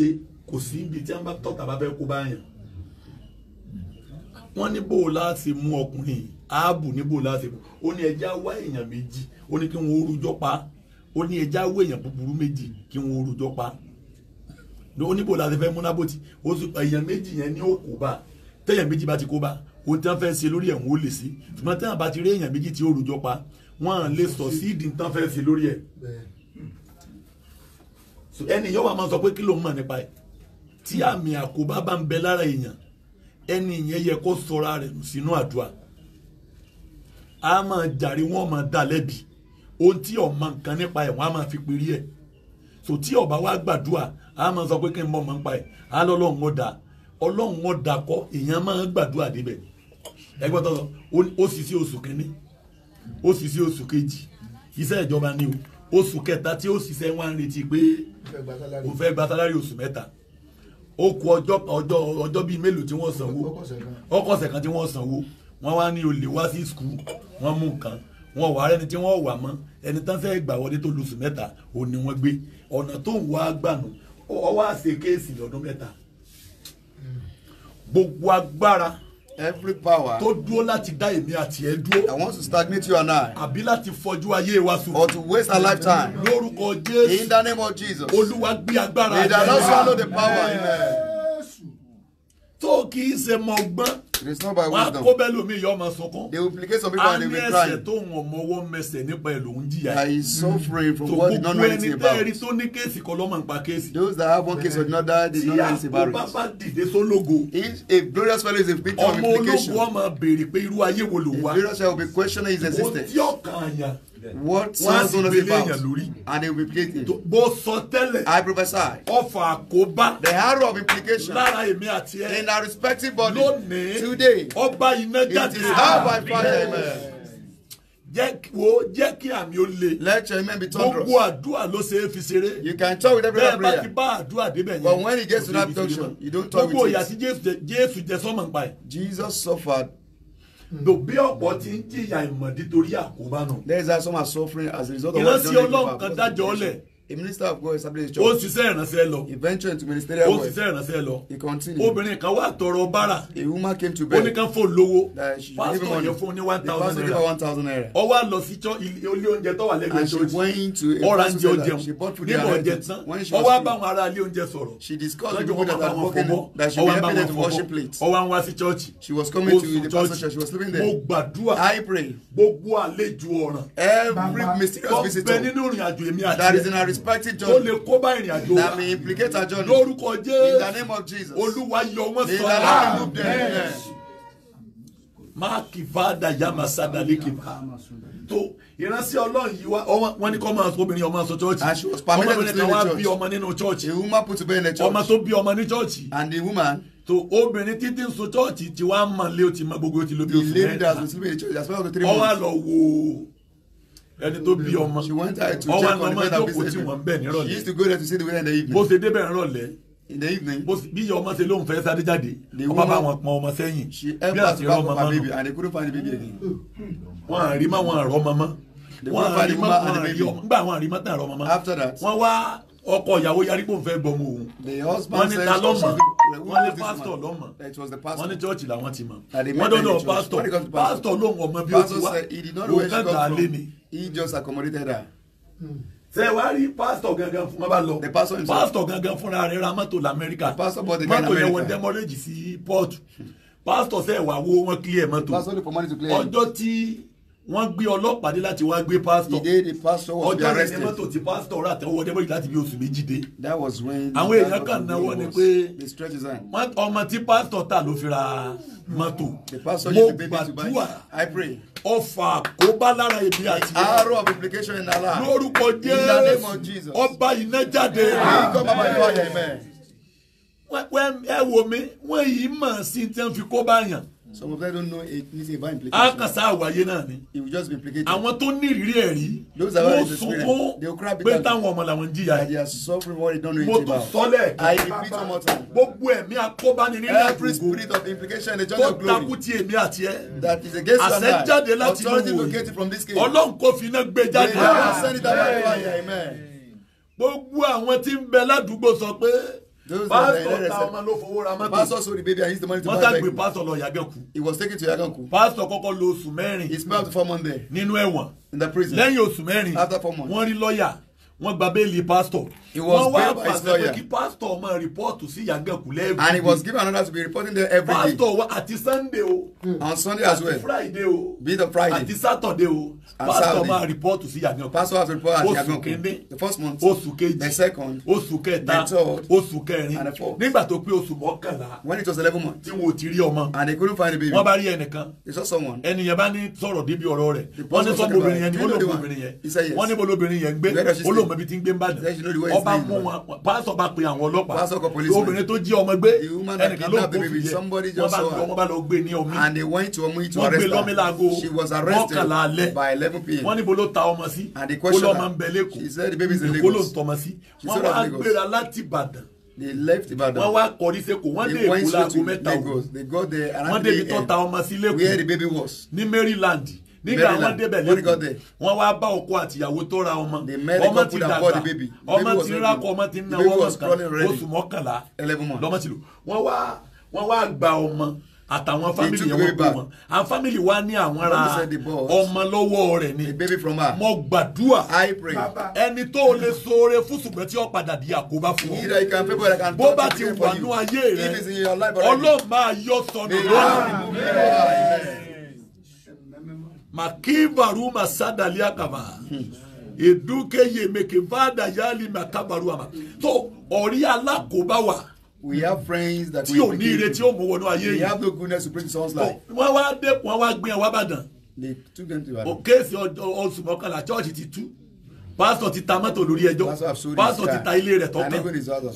ṣe kò sí ibi tí wọ́n bá tọ́ tàbá fẹ́ kó bá yàn wọ́n ní bò láti mú ọkùnrin ààbò ní bò láti mú ó ní ẹja wá èèyàn méjì ó ní kí wọ́n orújọ́ pa ó ní ẹja wá èèyàn búburú méjì kí wọ́n orújọ́ pa ó ní bò láti fẹ́ múnábòtì èèyàn méjì yẹn ní ó kó bá tẹ́yàn méjì bá ti kó bá ohun tí wọ́n fẹ́ ṣe lórí ẹ̀wọ̀n ó lè sí ṣùgbọ́n tẹ́yàn bá ti rí èèyàn méjì tí ó pa wọ́n lè sọ sí ìdí tí fẹ́ ṣe lórí ẹ̀ ẹni yẹn wà máa sọ pé kí ló ń mọ̀ nípa ẹ̀ tí àmì àkóbá bá ń bẹ lára èèyàn ẹni yẹn yẹ kó sọra rẹ̀ nù sínú àdúrà a máa jàre wọn máa dá lẹ́bi ohun tí ọmọ nǹkan nípa ẹ̀ wọ́n á máa fi péré ẹ̀ so tí ọba wa gbàdúrà a máa sọ pé kí n mọ̀ mọ̀ nípa ẹ̀ á lọ́ lọ́hùn ọ̀dà ọlọ́hùn ọ̀dà kọ́ èèyàn máa gbàdúrà débẹ̀ ẹgbẹ́ tó sọ ó sì sí oṣù kínní ó sì sí oṣù kejì iṣẹ́ ìjọba ni o oṣù kẹta tí ó ṣiṣẹ́ wá ń retí pé o fẹ́ gba sálárì oṣù mẹ́ta ó kù ọjọ́ ọjọ́ ọjọ́ bíi mélòó tí wọ́n sanwó ọkọ̀ọ̀sẹ̀ kan tí wọ́n sanwó wọ́n wá ní olè wá sí skul wọ́n mú nǹkan wọn wà rẹni tí wọ́n wà mọ́ ẹni tán fẹ́ gbà wọlé tó lóṣù mẹ́ta ò ní wọ́n gbé ọ̀nà tó ń wá gbànú ọwọ́ àṣekéèsì lọ́dún mẹ́ta gbogbo agbára every power. tó dúró láti dá èmi àti ẹ dúró. that wants to stagnate you and I. àbí láti fọjú ayé wa sùn. or to waste a lifetime. lórúkọ jésù. in the name of Jesus. olúwa gbé agbára. may the Lord swallow the power. Amen. Amen. Uh, tó kì í ṣe mọ gbọ́n. it not by wisdom. kó bẹ́ẹ̀ lómi ìyá ọmọ sunkún. they will implicate some people and they will cry. a ní ẹsẹ̀ tó ń wọ̀n mọ́wọ́ mẹsẹ̀ nípa ẹ̀ ló ń jìyà. from what he know about. tó gbogbo ẹni tẹ́ẹ̀rí tó ní kéèsì kan lọ́mọ ń pa kéèsì. those that have one case or another they know anything about it. tí àpò bàbá dìde sólógo. if a glorious is victim of implication. ọmọ ológun ọmọ béèrè pé irú ayé wo ló wà. a glorious will be questioning his existence. ọkàn àyà what sounds gonna be about and they will be played in. mo sọ tẹ́lẹ̀. I prophesy. ọfà àkóbá. the arrow of implication. lára èmi àti ẹ. in our respective body. lónìí today. ọba iná jáde. it is how by fire amen jẹ́ wo jẹ́ kí àmì ó le. let your amen be thunderous. gbogbo àdúrà ló ṣe é fi ṣeré. you can talk with every prayer. bẹ́ẹ̀ bá ti bá àdúrà débẹ̀ yẹn. but when he gets to that junction you don't talk with it. gbogbo ìyà tí Jésù jẹ Jésù jẹ sọ́mọ̀ ń pa ẹ̀. Jesus suffered dòbí hmm. ọ̀pọ̀ ti ń jìyà ìmọ̀dí torí àkóbá náà. there is as much suffering as a result of what they don't give up. ìrántí ọlọ́run kan dájọ́ ọlẹ̀ a minister of God established church. ó ṣiṣẹ́ ìránṣẹ́ lọ. he ventured into ministerial work. ó ṣiṣẹ́ ìránṣẹ́ lọ. he continued. obìnrin kan wá tọrọ bára. a woman came to bed. ó ní ká fún olówó. pastor yẹn fún ní one thousand naira. the pastor gave her one thousand naira. ó wá lọ sí ilé oúnjẹ tó wà lẹ́gbẹ̀ẹ́ church. and she went to a ọ̀rá ń she bought food there. nígbà ọjẹ tán ó wá ará ilé oúnjẹ sọ̀rọ̀. she discussed with people that had broken that she be helping them to worship plate. ó wá wá sí church. she was coming to the pastor church she was sleeping there. I pray. every mysterious visitor. that is in our expecting journey. ó lè kó bá ìrìn àjò wa. that may implicate our journey. lórúkọ jésù. in the name of jesus. olúwa yọ wọn sọ. in the name of jesus. máàkì fàdà yàmà sàdàlì kìfà tó ìránṣẹ́ ọlọ́run yìí wọ́n ní kọ́ máa sọ obìnrin ọmọ sọ chọ́ọ̀chì ọmọbìnrin kan wá bí ọmọ nínú chọ́ọ̀chì ọmọ tó bí ọmọ ní chọ́ọ̀chì. and the woman so obìnrin títí ń so chọ́ọ̀chì tí wàá mọ̀ lé o ti mọ gbogbo o ti lo bí oṣù mẹ́ta ọwọ́ àlọ́ wò ẹni tó bí ọmọ ọwọ́ àná ọmọ ìjókòó tí wọ́n ń bẹ̀ nírọ̀lẹ́ bó ṣe débẹ̀ nírọ̀lẹ́ in the evening. bó bí ọmọ ṣe lóun fẹ́ sáré jáde ọba bá wọn pọn ọmọ sẹ́yìn bí àti rọ ọmọ mọ́nà wọn à rí má wọn à rọ ọmọ mọ́ wọn à rí má wọn à rí ọmọ nígbà wọn à rí má tàn rọ ọmọ mọ́ wọn wá ọkọ ìyàwó yarí pò fẹ́ gbọmọ òun wọ́n ní ta lọ́mọ wọ́n ní pásítọ̀ lọ́mọ wọ́n ní chọ́ọ̀chì làwọn ti mọ̀ wọ́n dọ́dọ̀ pásítọ̀ pásítọ̀ lóun ọmọ bí ó ti wá òun kàkà alẹ́ ni. he just accommodated her. Hmm. ṣe wá rí pásítọ̀ gangan fún wọn bá lọ pásítọ̀ gangan fúnra rẹ̀ ra mọ́tò lamẹ́ríkà mọ́tò yẹn wọ dẹ́mọ́rẹ́jì sí pọ́ọ̀tù pásítọ̀ sẹ́ẹ̀ wà wo wọn clear mọ́tò ọjọ́ tí wọ́n gbé ọlọ́pàá dé láti wá gbé pastor. the day the pastor was arrested. ọjọ́ rẹ̀ ní mọ́tò tí pastor rà tẹ́wọ́ wọlé mọ́tò láti bí oṣù méjì dé. that was when. àwọn èèyàn kan náwó ni pé ọmọ tí pastor ta ló fi ra mọ́tò. the pastor used the baby to buy i pray. ọfà àkóbá lára èmi àti ìyá. arrow of implication in Allah. lórúkọ jésù ọba iná jáde. ìkọ́ bàbá ìlú ọ̀yà ẹ̀mẹ́. ẹ wo mi wọ́n yìí mọ̀ sí tí wọ́n fi kó báyàn some of them don't know it needs divine implication. a kàn sá ni. it will just be implicated. àwọn tó ní ìrírí ẹ̀ rí. those that were experience they will cry because. pé táwọn ọmọ làwọn jìyà. they are suffering what they don't know it about. mo tún sọlẹ̀. i repeat one more time. gbogbo ẹ̀mí akóbáni nílẹ̀ àdúgbò. every spirit of implication in the church of glory. tó takú ti èmi àti ẹ. that is against standard. àṣẹjáde láti inú wòye. authority located from this case. ọlọ́run kò fi iná gbé jáde. amen. gbogbo àwọn tí ń bẹ ládùúgbò sọ pé pastor ta ọmọ ló fowó ra mọ́tò pastor sold baby and used the money to buy pastor lọ Yàgànkù he was taken to Yàgànkù pastor kọ́kọ́ lo oṣù mẹ́rin he spent up to four months nínú ẹ̀wọ̀n in the prison lẹ́yìn oṣù mẹ́rin after four months wọ́n rí lọ́ọ̀yà wọ́n gba béèlì pastor he was bailed by his lawyer. wọ́n wá pàṣẹ pé kí pastor ọmọ rìpọ́ọ̀tù sí yàgànkù and he was given another to be reporting there every pastor, day. pastor wa àti sunday o. Hmm. on sunday as well. àti friday o. be the friday. àti saturday o. and pastor report to see yàgànkù. pastor has to report at yàgànkù. oṣù the first month. oṣù kejì. the second. oṣù kẹta. the third. oṣù kẹrin. and the fourth. nígbà tó pé oṣù mọ́kànlá. when it was eleven months. tí wọn ò ti rí ọmọ. and they couldn't find the baby. wọ́n bá rí ẹnìkan. they saw someone. ẹnìyẹn bá ní sọ̀rọ̀ débi ọ̀rọ̀ rẹ̀. the pastor was talking about it. wọ́n ní sọ pásítọ̀ bá mú wọn pásítọ̀ bá pe àwọn ọlọ́pàá obìnrin tó jí ọmọ gbé ẹnìkan ló kó fi yẹ wọ́n bá lọ wọ́n bá lọ gbé ní omi wọ́n gbé lọ́mí láago mọ́kànlá alẹ́ wọ́n níbo ló ta ọmọ sí ó lọ́mọ ń bẹ lẹ́kọ̀ọ́ èkó ló ń tọmọ sí wọ́n wá gbéra láti Ìbàdàn they left Ibadan. wọ́n wá kọrí sẹ́kọ̀ wọ́n dé èkó láago mẹ́ta o wọ́n débi tó ta ọmọ sí lẹ́kọ̀ọ́ ní Maryland nígbà wọn débẹ̀ lẹ́kùn wọn wá bá ọkọ àtìyàwó tó ra ọmọ ọmọ ti dàgbà ọmọ ti rákọ ọmọ ti ná ọmọ oṣù mọ́kànlá lọ́mọ ti lò wọ́n wá wọ́n wá gba ọmọ àtàwọn family yẹn wọ́n pè wọ́n àwọn family wa ní àwọn ra ọmọ lọ́wọ́ rẹ̀ ni mo gbàdúrà ẹni tó lè ṣoore fún ṣùgbọ́n tí ó padà di àkóbá fún ọ bó bá ti wà ní ayé rẹ ọlọ́run máa yọ sọnù lọ́wọ́ makibaru masadaliakaba eduke yemekevada yali makabaru so ọ̀rí alákòóbá we have friends that we forgive. tí o we have the goodness to bring to someone's life. wọ́n wá dé wọ́n wá gbé wọn wá bàdàn. they took them to Ibadan. òkèèsì ọ̀sùn mọ́kànlá chọ́ọ̀chì ti tú pásítọ̀ ti ta mọ́tò lórí ẹjọ́ pásítọ̀ ti ta ilé rẹ̀ tọ́kàn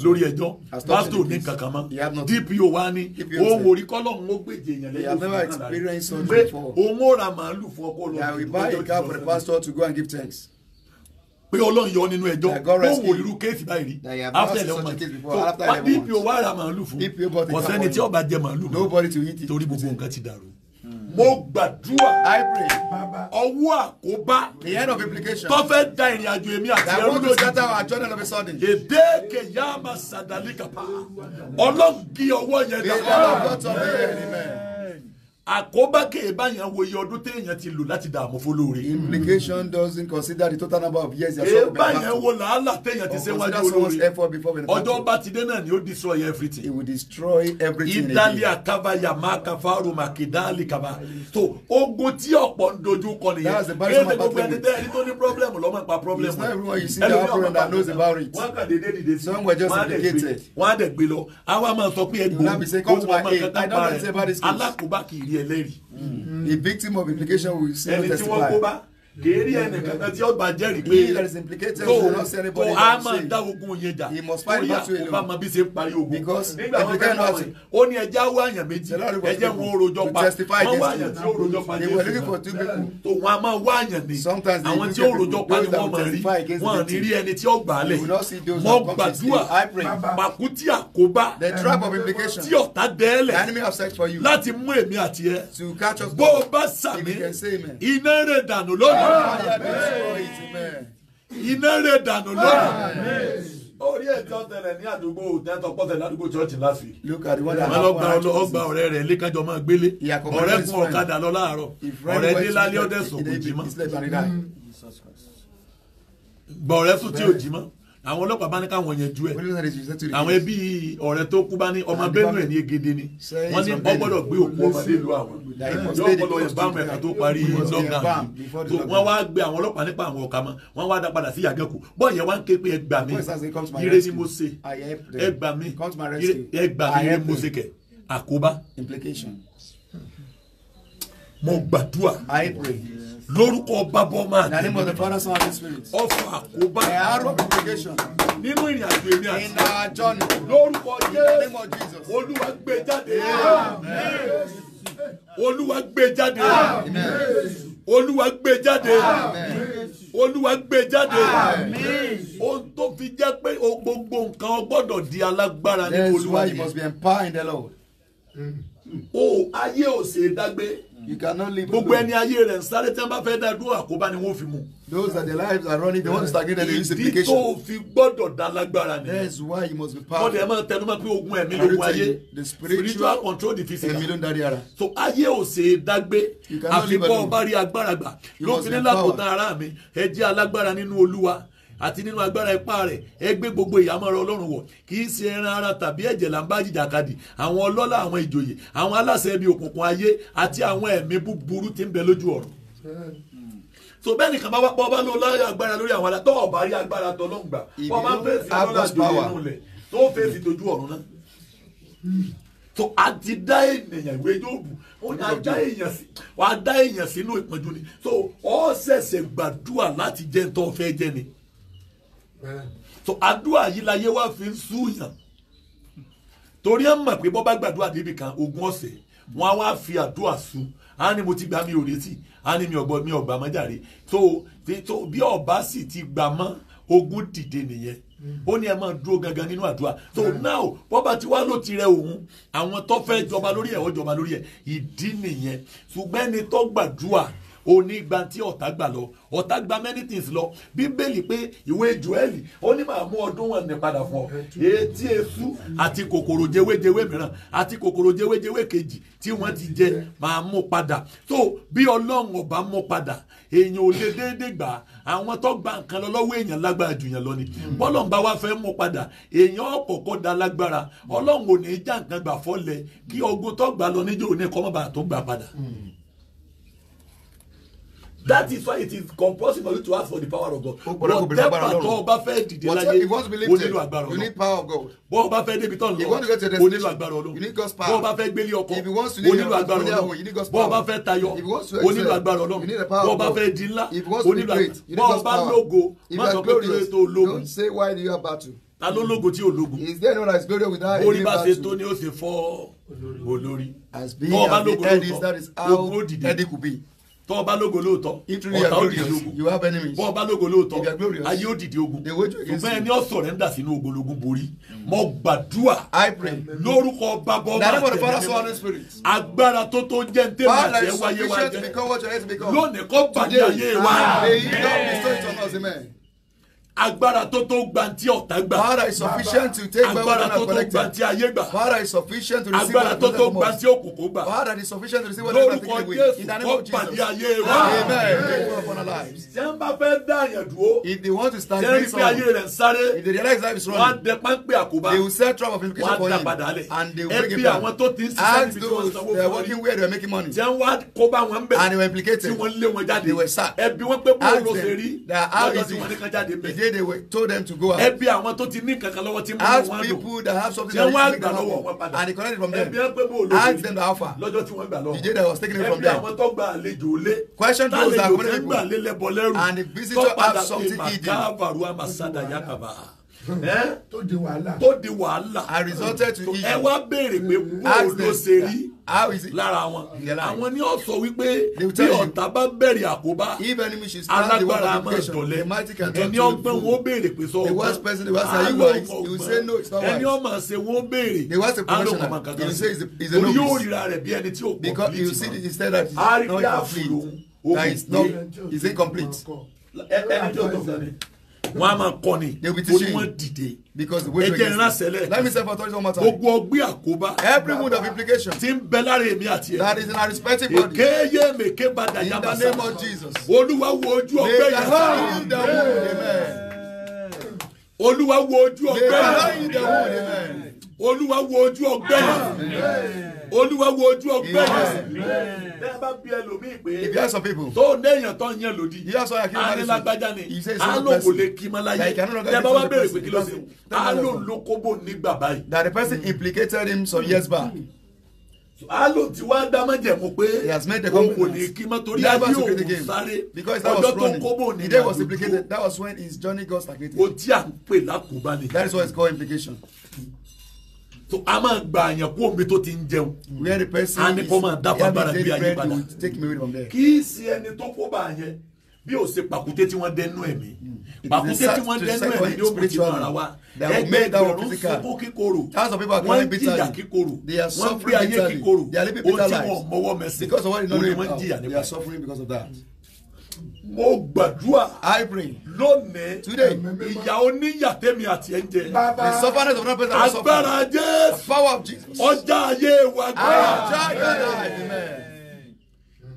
lórí ẹjọ́ pásítọ̀ ní kankan mọ́ DPO wa ni òun ò rí kọ́lọ́hún ó gbèjè èèyàn lẹ́yìn oṣù kan rẹ̀ pé òun ó ra màálù fún ọkọ lọ́wọ́ pé ọlọ́run yọ nínú ẹjọ́ ó wò irú kéèsì báyìí rí after eleven months so DPO wa ra màálù fún ọ̀sẹ́ni tí ọba jẹ màálù torí gbogbo nǹkan ti dàrú mo gbàdúrà ọwọ́ àkóbá tó fẹ́ da ìrìn àjò èmi àti ẹrú lójú èdè kẹyàmà sàdálì kàpá ọlọ́ọ̀gì ọwọ́ yẹn dàpọ̀ àkóbá kéèbá yẹn wo iye ọdún téèyàn ti lò láti dààmú fólóore. implication doesn't consider the total number of years. kéèbá yẹn wo làálà téèyàn ti ṣèwájú olóore ọjọ́ bá ti dé náà ni ó destroy everything. it will destroy everything. idali akaba yama kafaru makidali kaba so ogun tí ọ̀pọ̀ ń dojú kọ nìyẹn kéde gbogbo ẹni tẹ́ ẹni tó ní problem lọ́mọ pa problem. it's not everyone you see that problem that knows about it. wọ́n kàn déédéé dìde sí i wọ́n á dẹ̀ gbé lọ àwa máa sọ pé ẹgbẹ́ òun ọmọ kankan pa rẹ̀ alákòóbá ẹlẹ́rìí. a hmm. victim of implication will still testify. ẹni tí wọ́n kó bá kèérí ẹnìkankan tí ọgbà jẹ́rìí pé tó a máa dá ogun yẹn jà torí àkóbá máa bí ṣe ń parí ogun nígbà wọn fẹ́ náà sè ó ní ẹjẹ́ awọ àyàn méjì ẹjẹ́ wọn orojọ́ pa wọn wá àyàn tí orojọ́ pa yẹn tó wọn a máa wá àyàn ní àwọn tí orojọ́ pa ni wọ́n máa rí wọn à ní rí ẹni tí ọgbà lẹ̀ mọ gbàdúrà pàkútí àkóbá tí ọ̀tá dẹ́ẹ̀lẹ̀ láti mú èmi àti ẹ bó o bá sàmì iná rẹ̀ dànù lónìí iná rẹ̀ dànù lónìí orí ẹjọ tẹ́lẹ̀ ní àdúgbò tẹntọ pọtẹ ládùúgbò chọọchì láfi. wọn lọ gba ọgbà ọ̀rẹ́ rẹ̀ lẹkànjọ máa gbélé ọ̀rẹ́ kun ọ̀kadà lọ láàárọ̀ ọ̀rẹ́ dé lálẹ́ ọdẹ sùn kò jí mọ́ gbọ̀rẹ́ sùn tí ò jí mọ́ àwọn ọlọ́pàá bá ní káwọn yanjú ẹ̀ àwọn ẹbí ọ̀rẹ́ tó kú bá ní ọmọ Benue ní Egede ni wọ́n ní ọ gbọ́dọ̀ gbé òkú ọmọ nílùú àwọn yóò gbọ́dọ̀ yẹn báwọn ẹ̀ka tó parí lockdown so wọ́n wá gbé àwọn ọlọ́pàá nípa àwọn ọ̀ka mọ́ wọ́n wá dá padà sí Yàgànkù bọ́ọ̀ yẹn wá ń ké pé ẹ gbà mí ire ni mo ṣe ẹ gbà mí ẹ gbà mí ire mo ṣe kẹ̀ àkóbá mo gbàdúrà lórúkọ bàbá ọmọ àti ọfà àkóbá nínú ìrìn àjò èmi àti lórúkọ Jésù olúwa gbé jáde olúwa gbé jáde olúwa gbé jáde olúwa gbé jáde ohun tó fi jẹ́ pé gbogbo nǹkan ó gbọ́dọ̀ di alágbára nínú olúwa yìí o ayé ò ṣe é dágbé you mm. cannot live alone. gbogbo ẹni ayé rẹ̀ sáré tí wọ́n bá fẹ́ dá dúró àkóbá ni wọ́n fi mú. those are the lives are running they want to stagnate and they use implication. ìdí tó fi gbọ́dọ̀ dá lágbára ni. that's why you must be powerful. ọ̀dẹ̀ máa tẹnu máa pé ogun ẹ̀mí lógun ayé the spiritual control the physical. ẹ̀mí ló ń darí ara. so ayé ò ṣe é dágbé àfikún ọba rí agbára gbà lófin nílàkùtà ara mi ẹ alágbára nínú olúwa àti nínú agbára ipá rẹ̀ ẹ gbé gbogbo ìhámọ́ra ọlọ́run wọ̀ kì í ṣe ẹran ara tàbí ẹ̀jẹ̀ là ń bá jìjàkadì àwọn ọlọ́lá àwọn ìjòyè àwọn aláṣẹ ibi òkùnkùn ayé àti àwọn ẹ̀mí búburú tí ń bẹ lójú ọ̀run so bẹ́ẹ̀ nìkan bá wá pọ̀ bá lọ lórí agbára lórí àwọn alátọ́ ọ̀bá rí agbára tọ́lọ́ngbà wọ́n máa fẹ́ sí ọlọ́lá àjòyè inú rẹ̀ tó fẹ́ sí dojú ọ̀run náà tó a ti dá ènìyàn ìwé yóòbù ó ní dá èèyàn sínú ìpọ́njú ni so ó ṣẹ̀ṣẹ̀ gbàdúrà láti jẹ́ ń fẹ́ jẹ́ ni so àdúrà yìí láyé wá fi ń súyàn torí ẹ mọ̀ pé bọ́ bá gbàdúrà débi kan ogún ọ̀sẹ̀ wọn á wá fi àdúrà sun á ní mo ti gbà mí ò retí á ní mi ọ̀gbọ́n mi ọ̀gbà mọ́ jàre tó tó bí ọba sì ti gbà mọ́ ogún dìde nìyẹn ó ní ẹ máa dúró gangan nínú àdúrà so now bọ́ bá ti wá ló ti rẹ òun àwọn tó fẹ́ jọba lórí ẹ̀ ó jọba lórí ẹ̀ ìdí nìyẹn ṣùgbọ́n tó gbàdúrà ó ní gba tí ọ̀tá gbà lọ ọ̀tá gba many things lọ bíbélì pé ìwé joẹ́lì ó ní màá mú ọdún wọn ní padà fún ọ etí eṣú àti kòkòrò jẹwéjẹwé mìíràn àti kòkòrò jẹwéjẹwé kejì tí wọ́n ti jẹ màá mú padà tó bí ọlọ́run ọba mú padà èèyàn ò lè déédéé gbà àwọn tó gba nǹkan lọ lọ́wọ́ èèyàn lágbára jù yàn lọ ni hmm. bọ́lọ̀n bá wá fẹ́ mú padà èèyàn ọ̀kọ̀ọ̀kọ̀ da lágbára ọlọ́run ò ní í já nǹkan gbà fọ́lẹ̀ kí ogun tó gbà lọ níjó ní kọ́mọ́bà tó gbà padà. Mm that is why it is compulsory for you to ask for the power of God whatever tó ọba fẹ́ dìde láyé o nílò agbára Ọlọ́run bọ́ ọba fẹ́ débi tán lọ o nílò agbára Ọlọ́run bọ́ ọba fẹ́ gbélé ọkọ o nílò agbára Ọlọ́run bọ́ ọba fẹ́ tayọ o nílò agbára Ọlọ́run bọ́ ọba fẹ́ di ńlá o nílò agbára bọ́ ọba lógo má sọ pé kí ló tó lógo ta ló lógo tí ò lógo. is there no orí bá ṣe tó ni ó ṣe fọ́ olórí. as being as the head is that is tọ́ ọba lógo lóòótọ́ ọ̀tá ó dìde ogun bọ́ ọba lógo lóòótọ́ ayé ó dìde ogun ṣùgbọ́n ẹni ó sọ̀rẹ́ńdà sínú ogologun borí mm. mo gbàdúrà lórúkọ bàbá ọba àtẹnudẹ agbára tó tó jẹ́ ntẹ́ máa jẹ́ wáyé wáyé lónìí kọ́ bàjẹ́ ayé wa agbára tó tó gbanti ọ̀tá gbà. is sufficient to take by one and collect. agbára tó tó gbanti ayé gbà. is sufficient to receive agbára tó tó gbanti òkùnkùn gbà. power is sufficient to receive whatever taken away. lórúkọ jésù kọ́ pàdé ayé wa. amen. sẹ́ńbà fẹ́ dáàyàn dúró. if they want to start doing something. ayé rẹ̀ sáré. if they realize life is running. wọ́n dẹ páńpẹ́ àkóbá. they will sell trap of implication for him. wọ́n á dàpadà lẹ̀. and they will bring him back. ẹbí àwọn tó ti ń ṣiṣẹ́ níbi tí wọ́n sanwó fún mi. ask those they are working where they are making money. jẹ́ wá kó wọn bẹ̀. and they were implicated. tí wọ́n lé wọn jáde. they were sacked. ẹbí wọn pé bó ló ṣe rí. that how is it. lọ́dọ̀ tí wọ́n ní kan jáde bẹ̀ day they were told them to go out. ẹbí àwọn tó ti ní kankan lọ́wọ́ tí mo wá lò. ask people that have something that is taken away and they collect it from them. ẹbí ẹgbẹ́ bò lóde ask them the offer. lọ́jọ́ tí wọ́n gbà lọ́wọ́. the day that was taken away from them. ẹbí àwọn tó gba àlejò lé. question to those that are coming to people. and the visitor have something he did. Eh? Eh? tó di wàhálà. tó di wàhálà. I resulted to issue. ẹ wá béèrè pé mm. bó ló ṣe rí lára wọn àwọn ni ó sọ wípé bí ọ̀tá bá bẹ̀rẹ̀ àkóbá alágbára máa dọ̀lẹ́ ẹni ọgbọ́n wọn ó béèrè pé sọ ọgbọ́n àlọ́ ọgbọ́n ẹni ọmọ ṣe wọn ó béèrè àlọ́ ọmọ kankan orí yóò ríra rẹ̀ bí ẹni tí ò gbọ́ bí ti ma a rí pé àfihàn òun òun is incomplete. ẹni tí o tó fún mi wọn a máa kọ ni torí wọn dìde ẹjẹ ńlá sẹlẹ gbogbo ọgbẹ àkóbá ti ń bẹ lára èmi àti ẹ that is mèké padà yaba sáà in olúwa wo ojú ọgbẹ yàrá olúwa wo ojú ọgbẹ yàrá olúwa wo ojú ọgbẹ yàrá olúwa wo ojú ọgbẹ́ yẹn bẹ́ẹ̀ bá bí ẹlòmíì pé if you ask tó nẹ́yìn tó yẹn lòdì alágbájá ni alo lè kí ma láyé tẹ wá béèrè pé kí ló ṣe alo lókóbó ní bàbá that the person implicated him some years back alo ti wá dámọ̀jẹ̀mú pé òun kò ní kí mọ́ torí ayé òun sáré ọjọ́ tó ń ní ìlànà tó o tí à ń pè lákòóbá ni. that is what is called implication so a máa gba àyàn kó omi tó ti ń jẹun a ní kó máa dáfa bára bí ayé padà kì í ṣe ẹni tó kó bá yẹn bí o ṣe pàkúté tí wọ́n dẹnu ẹ̀mí hmm. pàkúté tí wọ́n dẹnu ẹ̀mí ni ó mú ti mara wa ẹgbẹ́ ìgbọ̀rún sunkún kíkorò wọ́n jìyà kíkorò wọ́n gbé ayé kíkorò ó ti wọ́n mọ́wọ́ mẹ́sìn ó wọ́n jìyà nípa mo gbàdúrà. I pray. lónìí. today. ìyà oníyà tèmi àti ẹ̀ ń jẹ. the suffering of the person. agbára jésù. the power of Jesus. ọjà ayé wa gbà. Ah, ọjà ayé wa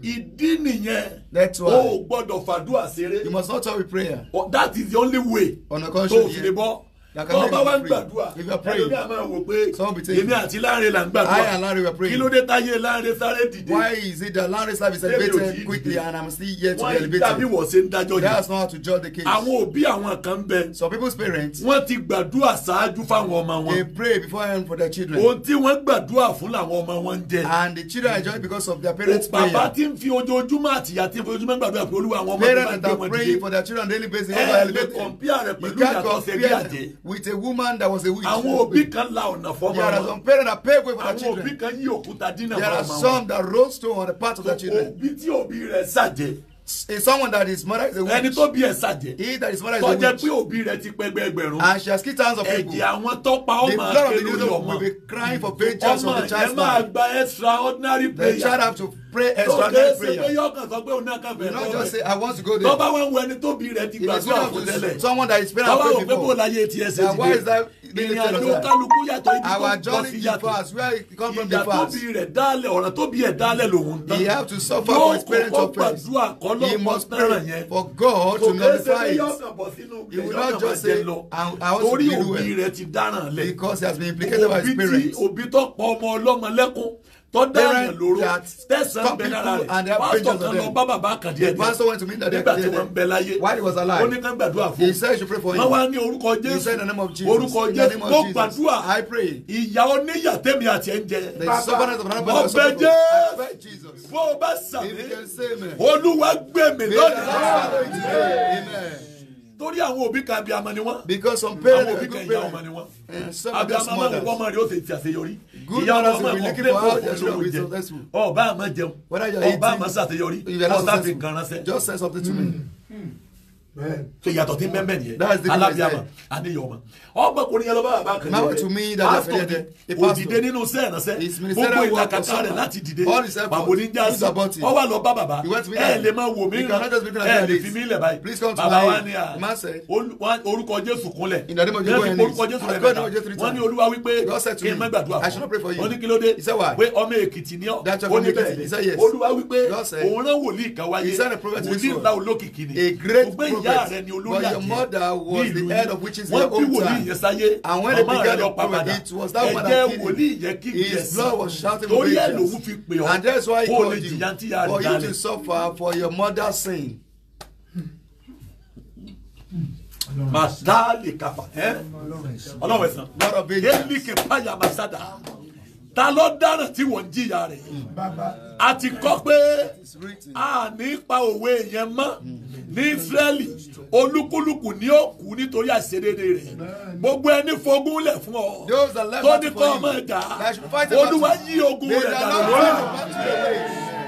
ìdí nìyẹn. that's why. o gbọ́dọ̀ fàdúrà ṣeré. you must not talk with prayer. Oh, that is the only way. ọ̀nà kan ṣe yẹn. tó o fi lè bọ́ bọ́ ọba wa ń gbàdúrà ẹlòmí àmọ́ wò pé èmi àti Lanre là ń gbàdúrà kí ló dé táyé Lanre sáré dìde. why is it that Lanre service elevated quickly and i'm still here to be elevated. wọ́n tàbí wọ́n ṣe ń dájọ́ yìí. that's not how to judge the case. àwọn òbí àwọn kan bẹ. some people's parents. wọ́n ti gbàdúrà ṣáájú fáwọn ọmọ wọn. they pray before hand for their children. ohun tí wọ́n gbàdúrà fún làwọn ọmọ wọn ń jẹ. and the children enjoy because of their parents' prayer. bàbá ti ń fi ojoojúmọ́ àti ìyá ti ń fi ojoojúmọ́ gbàdúrà pé àwọn ọmọ tó bá ń gbé wọn dìde. parents are praying for their children daily basis. ẹ ẹ lè compare rẹ pẹ̀lú ìyàtọ̀ sẹ́gbẹ́ àjẹ́ with a woman that was a witch. àwọn òbí kan la ọ̀nà fọ́mọ wọn. there are some parents that pay way for their children. àwọn òbí kan yí òkúta dínà fọ́mọ there are some that roast stone on the part of their children. òbí tí òbí rẹ̀ ṣàjẹ́. Is someone that his mother is a witch. ẹni tó bí ẹ̀sà jẹ́. he that is mother is a witch. tọ́jẹ́ pé òbí rẹ̀ ti pẹ́ gbẹgbẹ̀rún. and she has killed thousands of people. ẹ̀jẹ̀ àwọn tọ́pa ọmọ akéwì ọmọ. the blood of the newborn will be crying for vengeance of the child's life. ọmọ ẹ máa gba extraordinary prayer. the child have to pray extraordinary prayer. tó kẹ́ ṣe pé yọkàn sọ pé òun náà kàn fẹ́ lọ rẹ̀. you no just say i want to go there. tọ́ba wọn wọ ẹni tó bí rẹ̀ ti gbàgbọ́ àkọsẹ́lẹ̀. someone that is parent pray before. tọ́ba wọn pé bó láyé tiẹ̀ ṣe ti dé. ìrìn àjò kálukú yàtọ̀ ibi tó fi yàtọ̀ ìyà bí rẹ̀ dálẹ̀ ọ̀ràn tó bí ẹ̀ dálẹ̀ lòun náà. he have to suffer for his gbàdúrà kọ́ Ọlọ́run mọ fẹ́ràn yẹn for God to notify it he will not just say I also feel well torí òbí rẹ ti dáràn lẹ because he has been implicated by his parents òbí tó pọ̀ ọmọ ọlọ́mọ lẹ́kún tó dáàyàn lóró tẹ̀sán bẹ lára rẹ̀ pásítọ̀ kan lọ bá bàbá àkàdé ẹ̀ nígbà tí wọ́n bẹ láyé ó ní ká gbàdúrà fún un wọ́n wá ní orúkọ Jésù orúkọ Jésù tó gbàdúrà ìyá oníyà tèmi àti ẹ̀ ń Jésù bó o sàmì Olúwa gbẹ̀mí lónìí torí àwọn òbí kan abiyamọ ni wọn. because some parents are good parents. àwọn òbí kan ìyá ọmọ ni wọn. Eh, abiyamọ máa ń wọ́n ọmọ rẹ̀ ó tètè àṣeyọrí. ìyá ọmọ máa ń wọ́n kílẹ̀ fún ọ̀pọ̀ lórí jẹ. ọba àmọ́ jẹun ọba àmọ́ ṣàṣeyọrí ọ̀tá fi nǹkan ránṣẹ́. just say something to me. Hmm. Hmm. Eh, so yàtọ̀ tí mẹ́mẹ́ nìyẹn alábíàmà àníyànmọ́ ọgbọ́kùnrin yẹn lọ bá bàbá kan yẹn pásítọ̀ ni òdìdé nínú sẹ́ẹ̀rẹ́sẹ́ gbogbo ìlàkàtà rẹ̀ láti dìde bàbá oníjà sí ọ wà lọ bá bàbá ẹ lè máa wò mí rán ẹ lè fi mí lẹ̀ báyìí bàbá wa ni orúkọ Jésù kúnlẹ̀ orúkọ Jésù rẹ̀ bẹ̀rẹ̀ wọ́n ní Olúwa wípé kí n má gbàdúrà fún ọ ní kílódé pé ọmọ Èkìtì ni ọ ó ní bẹ́ẹ̀ Olúwa wípé òun rán wòlíì kan wáyé wòlíì ńlá olókìkí ni your mother was the ìyá rẹ ni olórí àjẹ́ ní ìlú wọn bí wòlíì yẹn sáyé it was that pàpàdà ẹ̀jẹ̀ killed. yẹn kí bí ẹ̀sìn torí ẹ̀ lòun fi pè ọ́ kó o lè jìyà tí yà rẹ̀ dálẹ̀. Masada le kafa. Ọlọ́run ẹ̀sán. Ọlọ́run ẹ̀sán. Yéèlì kẹfà yà Masada ta ló dáràn tí wọ́n ń jìyà rẹ̀ a ti kọ́ pé a ní pa òwe yẹn mọ́ ní Ísírẹ́lì olúkúlùkù ni ó kú nítorí àṣedédé rẹ̀ gbogbo ẹni fogún lẹ̀ fún ọ tó ní kọ́ ọmọ ẹ̀dá olúwa yí ogun rẹ̀ dànù lórí.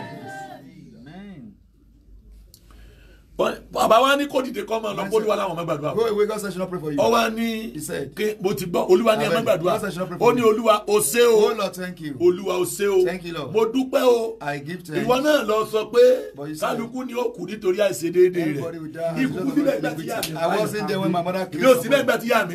bàbá wa ní kó kọ́ mọ̀ lọ kó olúwa láwọn máa gbàdúrà. God shall pray for you. ó wá ní mo ti gbọ́ olúwa ní ẹ ó ní olúwa o o oh, olúwa o o mo dúpẹ́ o I give thanks. ìwọ náà lọ sọ pé kálukú ni ó kù nítorí àìṣedéédé rẹ̀ ikú síbẹ̀ gbà tí yà mí. mi ò síbẹ̀ ẹ̀jẹ̀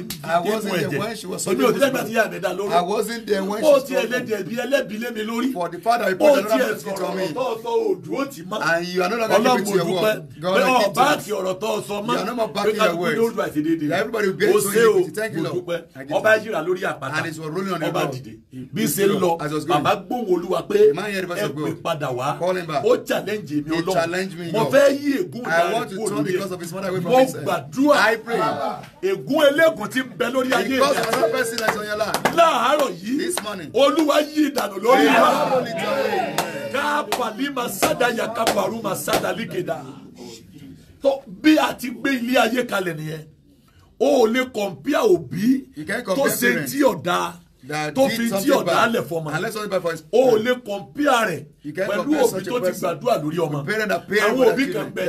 mi ò síbẹ̀ tí yà mí dá lórí. ó ti ẹlẹ́dẹ̀ẹ́bí ẹlẹ́bí lé mi lórí ó ti ẹ̀sọ̀rọ̀ tó ọ̀tọ̀ ọ báàkì ọ̀rọ̀ tó sọ mọ́ pé kájú pé lórí àti dédé o ṣe o mo dúpẹ́ ọba yíra lórí àpáta ọba dìde bí ṣe ń lọ bàbá gbóhùn olúwa pé ẹ pè padà wá ó challenge mi ọlọ́run mo fẹ́ yí ègún ìdára kú olórí mo gbàdúrà ègún eléègún ti bẹ lórí ayé rẹ láàárọ̀ yìí olúwa yí ìdànù lórí wa káàpàlì masada yakaparu masada likeda tó bí a ti gbé ilé ayé kalẹ̀ nìyẹn o ò lè kọ̀m̀pìà òbí tó ṣe tí ọ̀dà tó fi tí ọ̀dà lẹ̀ fọmọ o ò lè kọ̀m̀pìà rẹ̀ pẹ̀lú òbí tó ti gbàdúrà lórí ọmọ àwọn òbí kan bẹ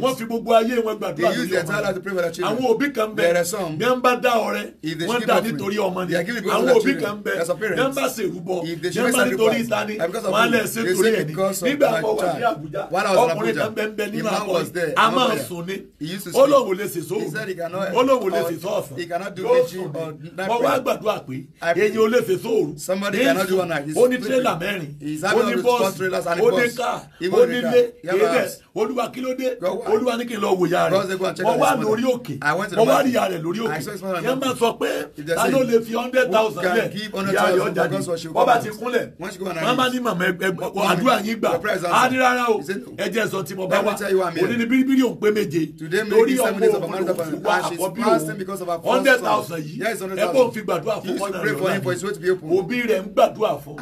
wọ́n fi gbogbo ayé wọn gbàdúrà lórí ọmọ àwọn òbí kan bẹ bí wọ́n bá dá ọrẹ wọ́n dá nítorí ọmọ ni àwọn òbí kan bẹ bí wọ́n bá ṣèrúbọ bí wọ́n bá nítorí ìtani wọ́n á lẹ̀ ṣe torí ẹ̀ ni nígbà àpọ̀ wà ní Àbújá ọkùnrin kan bẹ ń bẹ nínú àpọ̀ yìí a máa sùn ni olówó lè ṣe sóòrùn olówó lè ṣe sọ́ọ̀sán yóò sùn ni mo wá gbàdúrà pé èyí ò lè ṣe sóòrùn ní ìsùn ó ní tírélà mẹ́rin ó ní bọ́ọ̀sì trailers and a bus. ó ní ká ó nílé kéde olúwa kí ló dé olúwa ní kí n lọ wò rẹ wọ́n wà lórí òkè wọ́n wà rí ya rẹ lórí òkè yẹn máa sọ pé ta ló lè fi hundred thousand lẹ̀ ìyá rẹ̀ ọjà ni bá ti kúnlẹ̀ wọ́n máa ní ẹgbẹ́ àdúrà yín gbà á ní rárá o ẹjẹ sọ tí mo bá wà òní ni bíríbírí òun pé méje lórí ọmọ òun ló fi wá àkọ́bí òun hundred thousand yìí ẹ bó fi gbàdúrà fún one hundred òbí rẹ̀ ń gbàdúrà fún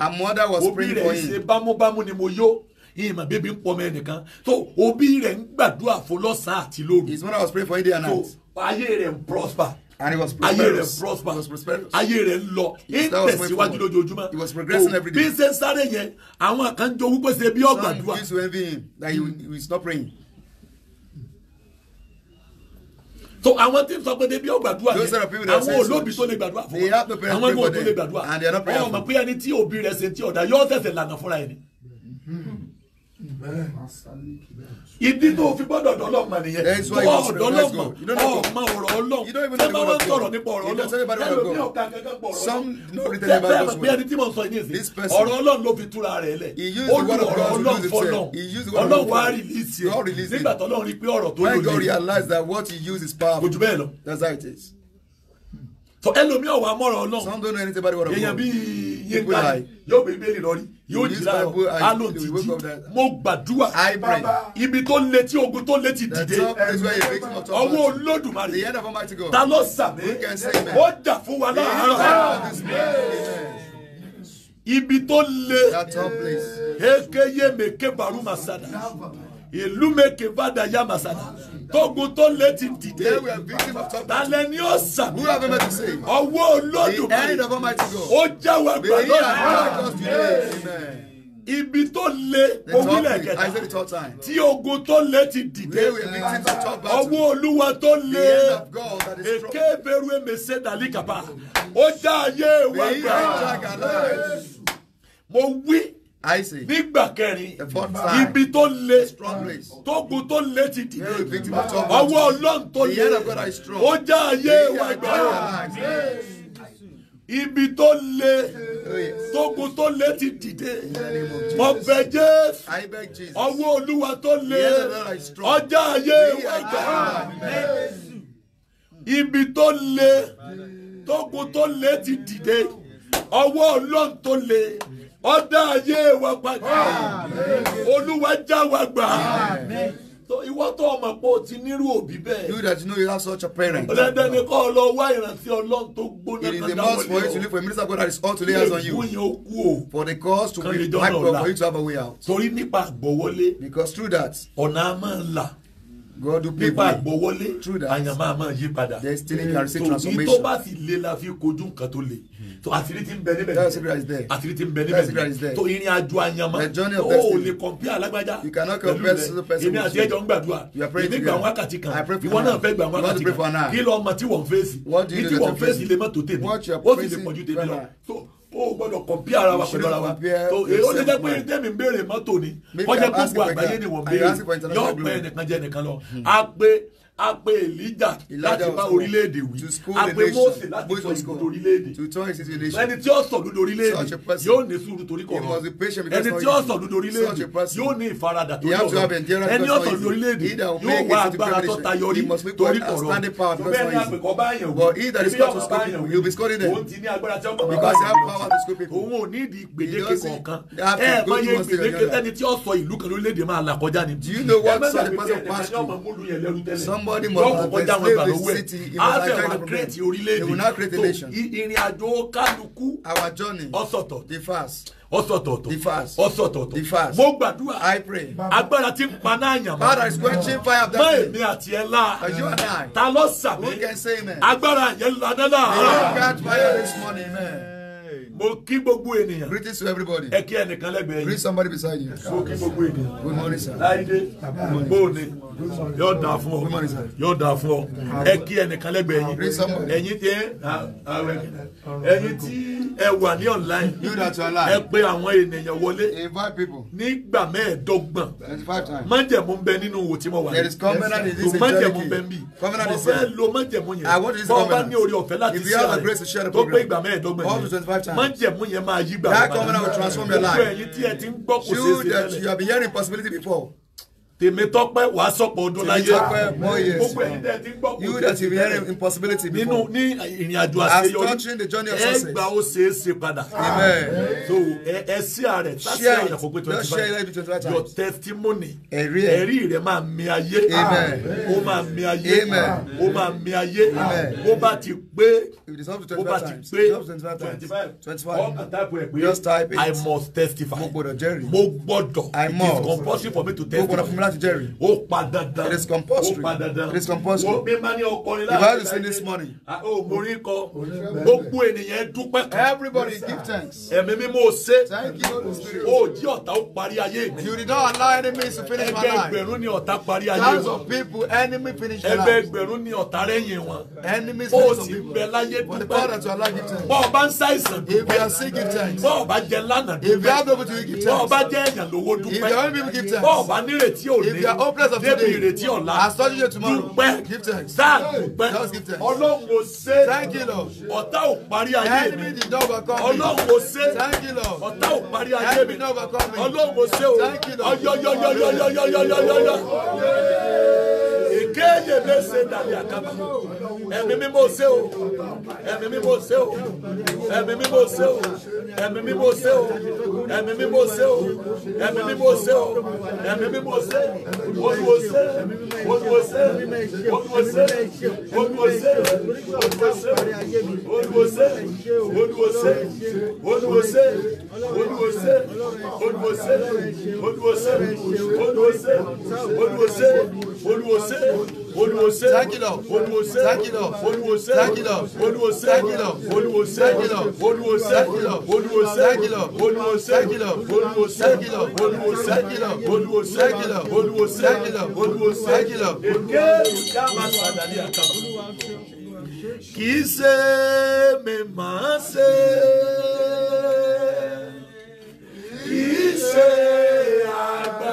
òbí rẹ̀ ṣe bámúbámú ni mo yó ìmọ̀ bébí ń pọ̀ mọ́ ẹnìkan so Obi, rẹ̀ ń gbàdúrà fún lọ́sàn-án àti lóru. his mother was praying for him day and so ayé rẹ̀ ń prosper and he was prosperous. ayé rẹ̀ prosper ayé rẹ̀ ń lọ ń tẹ̀síwájú lójoojúmọ́ he was progressing every day. bí ṣe ń sáré yẹn àwọn kan jogún pé ṣe bí ọgbàdúrà. some used to envy him that he was not praying. so àwọn tí n sọ pé débi ó gbàdúrà yẹn àwọn olóbi tó lè gbàdúrà fún wa àwọn ẹgbẹ́ tó lè gbàdúrà ọmọ pé ẹni tí òbí rẹ̀ ṣe ti ọ̀dà yóò tẹ̀sẹ̀ lànà fúnra ẹni ìdí tó fi gbọ́dọ̀ dọ́ lọ́mọ nìyẹn tó ọ̀dọ́ lọ́mọ ọ̀mọ ọ̀rọ̀ ọlọ́mọ tẹ́ bá wá ń sọ̀rọ̀ nípa ọ̀rọ̀ ọlọ́mọ ẹlòmí ọ̀ka gẹ́gẹ́ pọ̀ ọ̀rọ̀ bí ẹni tí mo sọ yín sí ọ̀rọ̀ ọlọ́mọ ló fi túra rẹ̀ lẹ̀ ó lu ọ̀rọ̀ ọlọ́mọ fọlọ́ ọlọ́mọ á rìlíìsì ẹ̀ nígbà tó lọ́ọ́ rí pé ọ̀rọ̀ tó lò lè so ẹlòmí ọ̀wà mọ́rọ̀ ọlọ́mọ èèyàn bíi yéńgbà yóò jí lára alo dìde mo gbàdúrà ibi tó létí ogun tó létí dìde ọwọ́ olódùmarè ta ló sàmé ó jà fún wa láàárọ̀ ibi tó le ekeye meke baruma sada ìlú mèkè fada yá masada tógun tó lé ti dìde talẹ ni ó sàmì ọwọ́ olódùmarè ó jáwé gbà lọ́nà ibi tó le omílẹ̀ kẹta tí ogun tó le ti dìde ọwọ́ olúwa tó le èké bẹ̀rù èmèsè dàlí kàbá ó dá ayé wa gbà mo wí nígbà kẹrin ibi tó le tógun tó le ti dìde ọwọ́ ọlọ́run tó le ó já ayé wa gbọ́dọ̀ ibi tó le tógun tó le ti dìde mo bẹ̀ ọwọ́ olúwa tó le ọjà ayé wa gbọ́dọ̀ ibi tó le tógun tó le ti dìde ọwọ́ ọlọ́run tó le ọ̀dà ayé wa padà olúwa já wa gbà ìwọ tó ọmọ pé o ti nírú òbí bẹ́ẹ̀. you that know you have such a parent. ọ̀dẹ̀dẹ̀ ni kọ́ lọ wá ìrántí ọlọ́run tó gbóná kan dáwọ́ lé o. it is the most for you to live for a minister of God that is all to lay hands on you. ìwúyẹn o o. for the cause to be back up for you to have a way out. torí nípa àgbọ̀wọlé. because through that. ọ̀nà a máa ń là. God who paved way gbowole through that àyàn máa máa yí padà destiny transformation tòun ní tó bá sì le la fi kojú nǹkan tó le hmm. tó àṣírí ti ń bẹ níbẹ̀ níbẹ̀ àṣírí ti ń bẹ níbẹ̀ níbẹ̀ tó ìrìn àjò àyàn máa tó o lè compare alágbájá pẹ̀lú rẹ̀ èmi àti ẹjọ́ ń gbàdúrà èmi gbà wọn wákàtí kan ìwọ náà fẹ́ gbà wọn wákàtí kan kí lọ ọmọ tí wọ́n fèsì ní tí wọ́n fèsì lè má tó tèmi ó sì lè pọ̀jù tèmi lọ o gbọ́dọ̀ kọ bí ara wa pẹ̀lú ara wa tó o lè jẹ́ pé tẹmí ń béèrè mọ́tò ni wọn gbogbo àgbáyé ni wọn béèrè yọ pé ẹnìkan jẹ ẹnìkan lọ hmm. a pé a pe elija láti bá orílẹ̀-èdè wí a pe mose láti sọ ìdodo orílẹ̀-èdè ẹni tí ó sọ dodo orílẹ̀-èdè yóò ní sùúrù torí kọ̀ọ̀rọ̀ ẹni tí ó sọ dodo orílẹ̀-èdè yóò ní ìfaradà torí ọ̀rọ̀ ẹni ó sọ dodo orílẹ̀-èdè yóò wá agbára tó tayọ torí kọ̀ọ̀rọ̀ tó bẹ́ẹ̀ ni àpèkọ́ bá yẹ̀ wò ebi ọ̀pọ̀ bá yẹ̀ wò òun ti ní agbára tí ọ̀pọ̀ bá yẹ̀ wò òun ò ní ìdí gbèdéke kọ̀ọ̀kan ẹ̀ mọ̀ iye gbèdéke ẹni tí ó sọ ìlú kan lórílẹ̀-èdè máa là ni ẹ̀ mẹ́ta gbèdéke ẹni somebody must have enslaved the city in order to create a èdè they will now create a nation. ìrìn àjò kálukú. our journey ọ̀sọ̀tọ̀ the fast ọsọtọọtọ ọsọtọọtọ mo gbàdúrà agbára tí ń paná that mọ mọ èmi àti ẹ la ta ló sàmì agbára yẹn lanẹ la mo kí gbogbo ènìyàn. greetings to everybody. ẹ kí ẹnìkan lẹ́gbẹ̀ẹ́ yìí. greet somebody beside you. mo kí gbogbo ènìyàn. good morning sir. láìdé bóòni yóò dà fún ọ yóò dà fún ọ ẹ kí ẹnìkan lẹ́gbẹ̀ẹ́ yìí. greet somebody. ẹ̀yin tí ẹ̀yin tí ẹ wà ní online. you that you are live. ẹ pè àwọn ènìyàn wọlé. invite people. nígbà mẹ́ẹ̀ẹ́dọ́gbọ̀n. twenty five times. májẹ̀mú ń bẹ nínú òwò tí mo wà. there is covenant in this majority. májẹ̀mú ń bẹ covenant is here. mo fẹ́ lo májẹ̀mú yẹn. i want this covenant. bọ́ọ̀ bá ní orí ọ̀fẹ́ láti ṣe àrẹ tó pé ìgbà mẹ́ẹ̀ẹ́dọ́gbọ̀n twenty five times májẹ̀mú yẹn máa yí gbà. that covenant will transform your life. gbogbo tí ẹ ti ń gbọ́ kò ṣe sí tẹ́lẹ̀. you have been hearing possibility before. Tèmítọ́pẹ́ wàá sọ̀pọ̀ ọdún láyé Tèmítọ́pẹ́ more years gbogbo ẹ̀yin tẹ́ ti ń gbọ́ kò ṣe sí tẹ́lẹ̀. you that you been hearing impossibility before. nínú ní ìrìn àjò àṣeyọrí as touching the journey of success. ẹ gbà ó ṣe é ṣe padà. amen. so ẹ sí ààrẹ tásí ààrẹ kò pé twenty five your testimony máa mi ayé. amen. ó máa mi ayé. amen. ó máa mi ayé. amen. bó bá ti kú pé ó bá ti pé twenty five just type I must testify mo gbọ́dọ̀ jẹ́rìí mo gbọ́dọ̀ it is compulsory for me to testify mo gbọ́dọ̀ fún mi láti jẹ́rìí ó pa dandan it is compulsory ó pa dandan it is compulsory wo mi máa ní ọkọrin láti ìbáraẹni sin this morning ah, o oh, mo kọ gbogbo ènìyàn dúpẹ́ kan everybody give thanks ẹ̀mí mi mo ṣe o oh, jí ọ̀tá ó parí ayé mi you did not allow enemies to finish my life ẹgbẹgbẹ̀rún ni ọ̀tá parí ayé wọn thousands of people enemy finish their lives ẹgbẹgbẹ̀rún ni ọ̀tá rẹ̀yìn wọn enemies oh, finish their lives bẹ láyé dúpẹ́. bọ́ọ̀ bá ń ṣàìsàn dúpẹ́. bọ́ọ̀ bá jẹ lánàá dúpẹ́. bọ́ọ̀ bá jẹ ẹ̀yàn lówó dúpẹ́. bọ́ọ̀ bá nírètí òní débi ìrètí ọ̀la dúpẹ́ sáà dúpẹ́ ọlọ́run ò ṣe ọ̀tá ò parí ayé mi ọlọ́run ò ṣe ọ̀tá ò parí ayé mi ọlọ́run ò ṣe o ọyọyọyọyọyọyọyọyọ kéye bẹ ṣe dàbí àkàbà ẹ̀mí mi bò ṣe o ẹ̀mí mi bò ṣe o ẹ̀mí mi bò ṣe o ẹ̀mí mi bò ṣe o ẹ̀mí mi bò ṣe o ẹ̀mí mi bò ṣe o ẹ̀mí mi bò ṣe olùwò ṣe olùwò ṣe olùwò ṣe olùwò ṣe olùwò ṣe olùwò ṣe olùwò ṣe olùwò ṣe olùwò ṣe olùwò ṣe olùwò ṣe olùwò ṣe olùwò ṣe olùwò ṣe olùwòsè olùwòsè olùwòsè olùwòsè kì í ṣe mi máa ṣe kì í ṣe àgbà.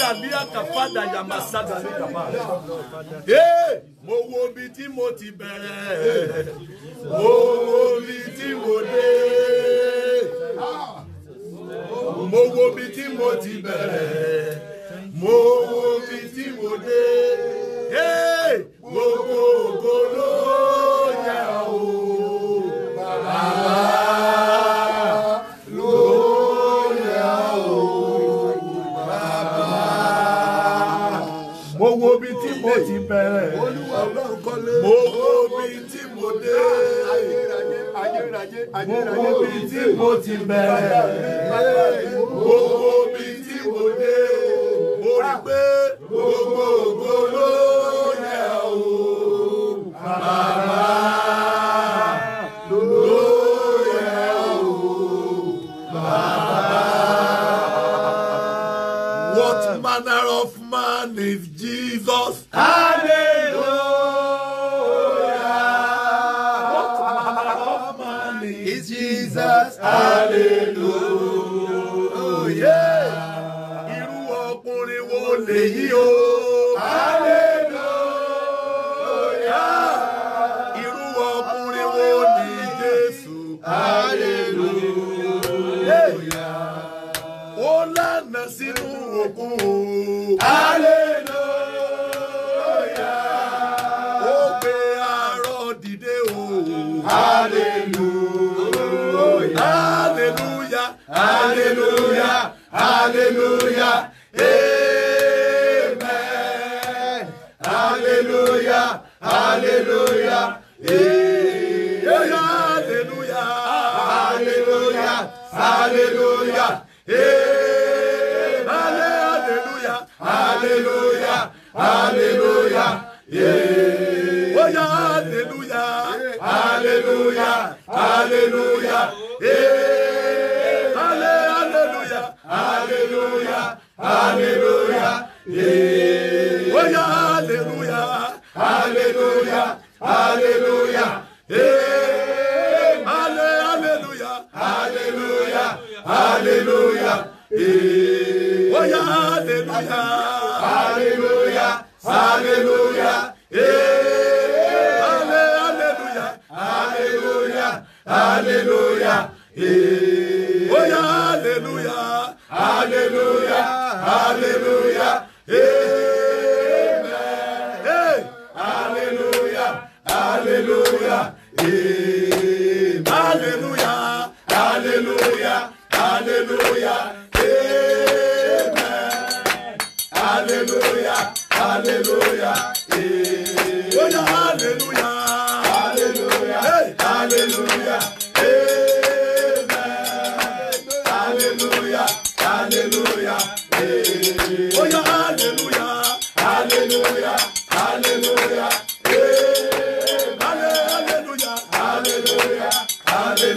dàbíà kàfàdà yàmàsá dàbí kàfà. mo wo ibi tí mo ti bẹ̀rẹ̀ mo wo ibi tí mo dé mo wo ibi tí mo ti bẹ̀rẹ̀ mo wo ibi tí mo dé mo wo ògo lóò. ayérayé bí tí mo ti bẹ̀rẹ̀ gbogbo bí tí mo dé mo rí pé gbogbo ògo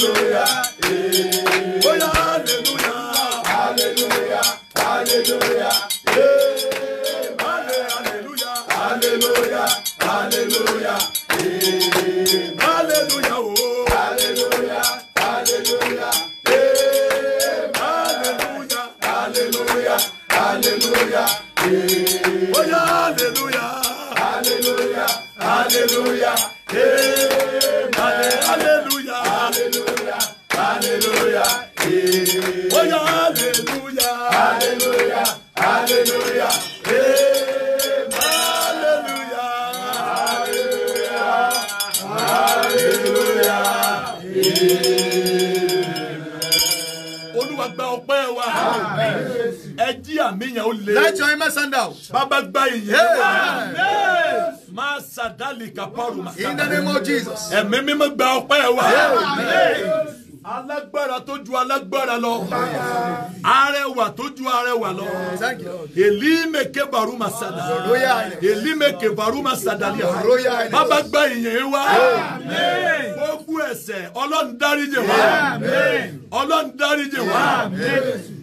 hallelujah. Hey. Oh, In the name of Jesus. Ẹ̀mí alágbára tó ju alágbára lọ arẹwà tó ju arẹwà lọ elimeke baruma sada elimeke baruma sadalia bàbá gba ìyẹn wa gbogbo ẹ̀ṣẹ̀ ọlọ́run dáríjì wa ọlọ́run dáríjì wa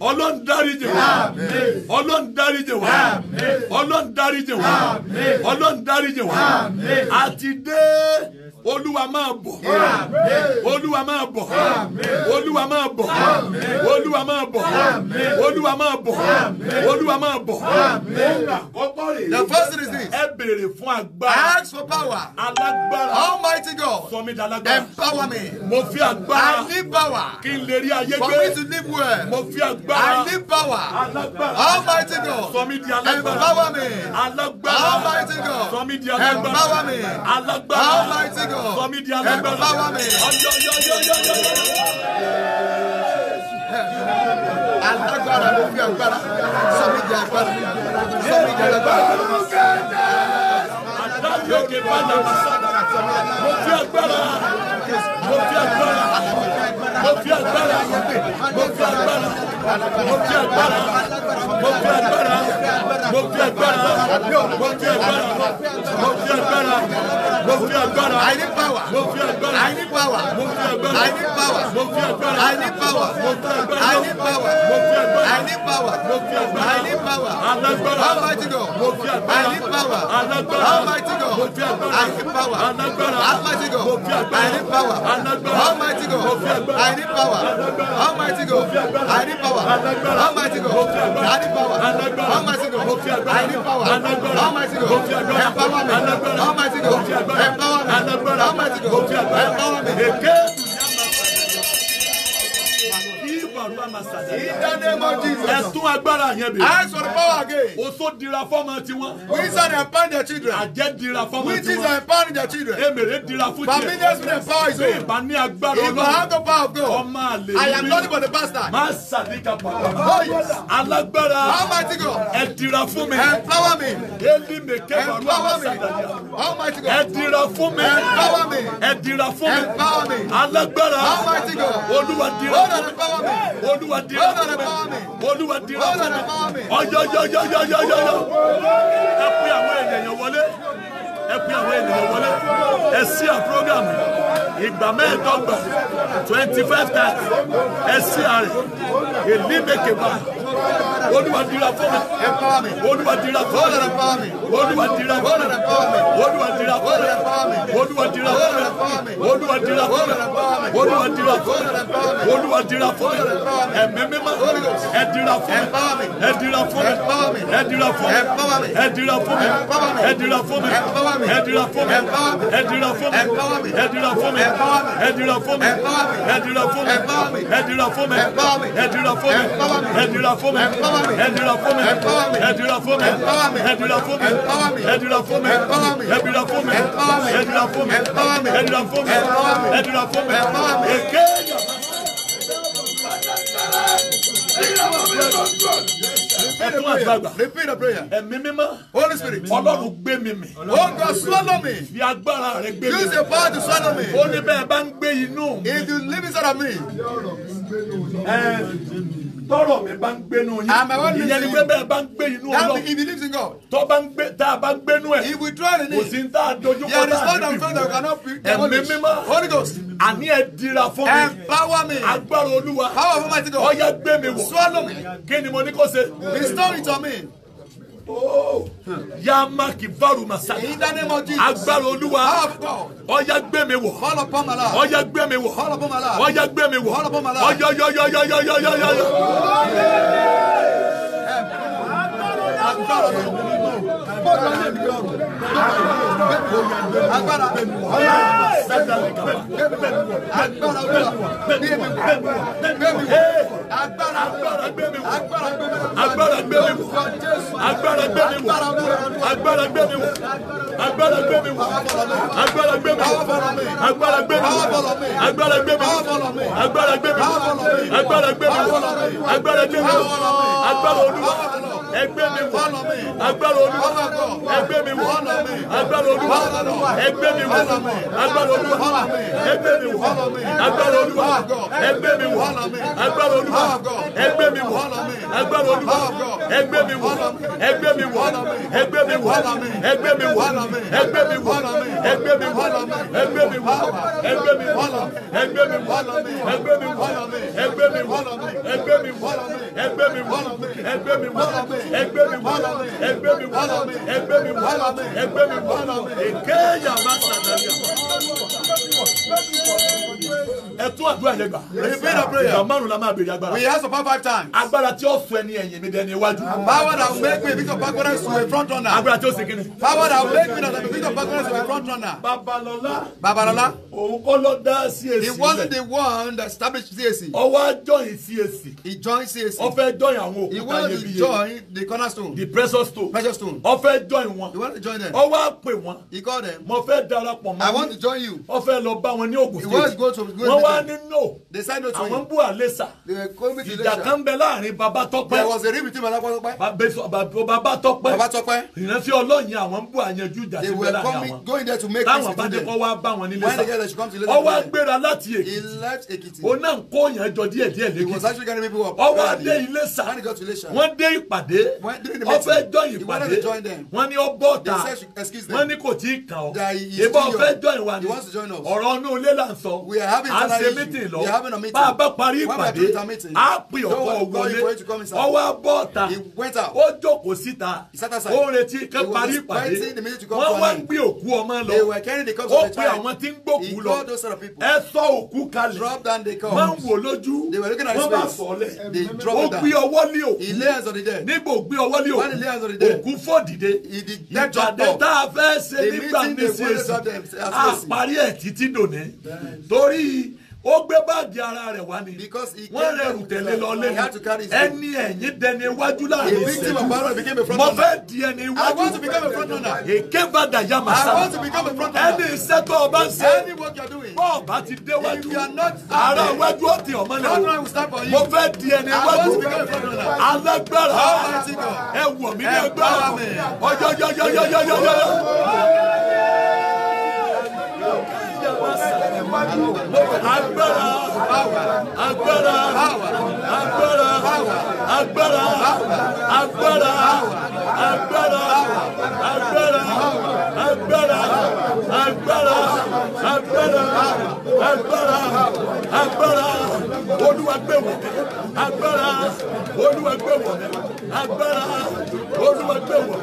ọlọ́run dáríjì wa ọlọ́run dáríjì wa ọlọ́run dáríjì wa ọlọ́run dáríjì wa àti dé olúwa máa bọ̀ olúwa máa bọ̀ olúwa máa bọ̀ olúwa máa bọ̀ olúwa máa bọ̀ olúwa máa bọ̀. the first reason is ẹ béèrè fún agbára ask for power alágbára almighty God sọ mi da alágbára empower me mo fi agbára I need power kí n lè rí ayé gbé for me to live well mo fi agbára I need power alágbára almighty God sọ mi di alágbára empower me alágbára almighty God sọ mi di alágbára empower me alágbára almighty God sọ mí di alágbára alágbára ló fi agbára mo fi agbára mo fi agbára mo fi agbára mo fi agbára mo fi agbára mo fi agbára mo fi agbára mo fi agbára mo fi agbára mo fi agbára I need power mo fi agbára I need power mo fi agbára I need power mo fi agbára I need power mo fi agbára I need power mo fi agbára I need power mo fi agbára I need power alágbára almighty God mo fi agbára I need power alágbára almighty God mo fi agbára I need power alágbára almighty God mo fi agbára I need power alágbára almighty God mo fi agbára. I need power. Almighty God. I need power. Almighty God. I need power. Almighty God. I need power. How Almighty go? Empower me. Almighty God. Empower me. Almighty God. Empower me. In the name of Jesus. ask for the power again. oṣó dira fọ́mọ tiwọn. wizard empower their children. àjẹ́ dira fọ́mọ tiwọn. witches empower their children. èmèrè dira fún tiẹ̀. familiar spirit power is over. ìbá ní agbára ọlọ́run. ìbá have the power of God. ọmọ àlè. I am nothing but the pastor. má sàdíkà pàrọ̀. Oh, alágbára. Almighty God. ẹ dira fún mi. empower me. eli mèké pàrọ̀ àwọn sàdàdà. Almighty God. ẹ dira fún mi. empower me. ẹ dira fún mi. empower me. alágbára. Almighty God. olúwa dira oh, fún mi olúwa dìrọ̀ fún mi olúwa dìrọ̀ fún mi ọ̀yọ̀yọ̀yọ̀yọ̀yọ̀ ẹ pé àwọn ènìyàn wọlé ẹ pé àwọn ènìyàn wọlé ẹ sí à program ìgbà mẹ́ẹ̀ẹ́dọ́gba twenty five times ẹ sí àrẹ èlímẹ̀kẹ̀bà. Olúwa dìrà fún mi. Olúwa dìrà fún mi. Olúwa dìrà fún mi. Olúwa dìrà fún mi. Olúwa dìrà fún mi. Olúwa dìrà fún mi. Olúwa dìrà fún mi. Olúwa dìrà fún mi. Ẹ̀mí mímọ́. Ẹ dìrà fún mi. Ẹ dìrà fún mi. Ẹ dìrà fún mi. Ẹ dìrà fún mi. Ẹ dìrà fún mi. Ẹ dìrà fún mi. Ẹ dìrà fún mi. Ẹ dìrà fún mi. Ẹ dìrà fún mi. Ẹ dìrà fún mi. Ẹ dìrà fún mi. Ẹ dìrà fún mi. Ẹ dìrà fún mi. Ẹ dìrà fún mi. ẹdùn la fún mi ẹdùn la fún mi ẹdùn la fún mi ẹdùn la fún mi ẹdùn la fún mi ẹdùn la fún mi ẹdùn la fún mi ẹdùn la fún mi èké ẹtún àgbàgbà ẹ̀mí mímọ́ ọlọ́run gbé mi mì fi agbára rẹ gbé mi ó ní bẹ́ẹ̀ bá ń gbé inú mi tọrọ mi bá ń gbénu yín. àmà wọn lè bẹ́ẹ̀ bá ń gbé inú ọlọ. he believes in God. tọ́ bá ń gbé tá a bá ń gbénu ẹ̀. he will draw in it. kò sí ní tá a dojú kọ náà. there is no doubt that cannot be the Holy Ghost. Holy Ghost. àní ẹ dira fún mi. empower me. agbára olúwa. power of Almighty God. ọ̀ya gbé mi wọ̀. swallow me. kí ni mo ní kó ṣe. restore it to me yàmà kì bàrù masada agbára olúwa ọ̀yà gbẹ̀mí wọ̀ ọ̀yà gbẹ̀mí wọ̀ ọ̀yà gbẹ̀mí wọ̀ ọ̀yà yọ̀yọ̀yọ̀yọ̀yọ̀yọ̀. agbára olúwa agbára ọlá agbára gbẹmí gbẹmí agbára gbẹmí agbára gbẹmí agbára gbẹmí agbára gbẹmí agbára gbẹmí agbára gbẹmí agbára gbẹmí agbára gbẹmí agbára gbẹmí agbára gbẹmí agbára gbẹmí agbára olúwa ẹgbẹ́ mi wọ agbára olúwa ẹgbẹ́ mi wọ agbára olúwa ẹgbẹ́ mi wọ agbára olúwa ẹgbẹ́ mi wọ agbára olúwa ẹgbẹ́ mi wọ agbára olúwa ẹgbẹ́ mi wọ agbára olúwa ẹgbẹ́ mi wọ ẹgbẹ́ mi wọ ẹgbẹ́ mi wọ ẹgbẹ́ mi wọ ẹgbẹ́ mi wọ ẹgbẹ́ mi wọ ẹgbẹ́ mi wọ ẹgbẹ́ mi wọ ẹgbẹ́ mi wọ ẹgbẹ́ mi wọ ẹgbẹ́ mi wọ ẹgbẹ́ mi wọ ẹgbẹ́ mi wọ ẹgbẹ́ mi wọ ẹgbẹ́ mi wá ẹgbẹ́ mi wá ẹgbẹ́ mi wá ẹgbẹ́ mi wá èké yàrá sàdáyà. Ẹ tún àdúrà yẹn gbà. Repeat the prayer. Ìgbà márùn-ún la máa béèrè agbára. We ask for five times. Agbára tí ó sọ ẹni ẹ̀yìn mi dẹni iwájú. Power that will make me Victor Pagones to a front runner. Agbára tí ó ṣe kíni. Power that will make me Victor Pagones to a front runner. Babalọlá. Babalọlá. Òun kọ́ ló dá CAC. He wasn't the one that established CAC. Ó wá join CAC. He joined CAC. Ó join àwọn òkúta yẹn bí yẹn. He wanted to join the cornerstone. the precious stone. precious stone. ó join wọn. you want to join them. ó wá pè wọ́n. he call them. mo fẹ́ darapọ̀ mọ́. I want to join you. ó fẹ́ lọ bá wọn ní Ògùn state. he wants to go to go to. wọ́n wá ní no. they said no to him. àwọn bú àlẹ́sà. they were coming to Iléṣà. ìjà kan bẹ láàrin baba tọpẹ. there was a ring between baba tọpẹ. baba tọpẹ. baba tọpẹ. ìrántí ọlọ́yin àwọn bú àyànjú ìjà tí bẹ láàrin àwọn. going there to make peace between them. táwọn bá dé kọ́ wá bá wọn ní Iléṣà. ó wá gbéra láti Èkìtì. he left Èkìtì. òun náà kó yàn jọ díẹ̀díẹ̀ lẹ́kìtì. he was actually getting people up. ó wá dé Iléṣà. wọ́n dé ìpàdé ìpàdé ó fẹ́ join ìpàdé wọ́n ní ó bọ́ ta wọ́n ní kò tí ì kàn ọ́ ìbá ó fẹ́ join wa ni ọ̀rọ̀ inú ilé là ń sọ à ń ṣe meeting lọ bá a bá parí ìpàdé á pè ọkọ wọlé ọwọ́ á bọ́ ta ó jókòó síta ó retí ká parí ìpàdé wọ́n wá ń gbé òkú ọmọ lọ ó pe àwọn tí ń gbókú lọ ẹ sọ òkú kalẹ̀ wọ́n ń wò lójú wọ́n bá sọ ọ́ lẹ̀ ó gbé ọwọ́ lé òkú níbo kò gbé ọwọ́ lé òkú òkú fò dìde ìpàdé tá a fẹ́ ṣe nígbà mẹ́sì èsì àparí ẹ̀ títí dòní torí ó gbé báàgì ara rẹ̀ wá ni wọ́n rẹrù tẹ̀lé lọ lé ẹni ẹ̀yìn dẹni iwájú láàrin ìṣẹ́jú mo fẹ́ di ẹni iwájú èké bàdà yà máa sá ẹni iṣẹ́ tó o bá ń ṣe bọ́ọ̀ bá ti déwájú ara iwájú ó di ọmọ náà mo fẹ́ di ẹni iwájú alágbára ẹ wọ̀ mí ní ẹgbẹ́ ọjọ́ yọ yọ yọ yọ yọ yọ agbára agbára agbára agbára agbára agbára agbára agbára agbára agbára agbára agbára olúwa gbé wọ̀ agbára olúwa gbé wọ̀ agbára olúwa gbé wọ̀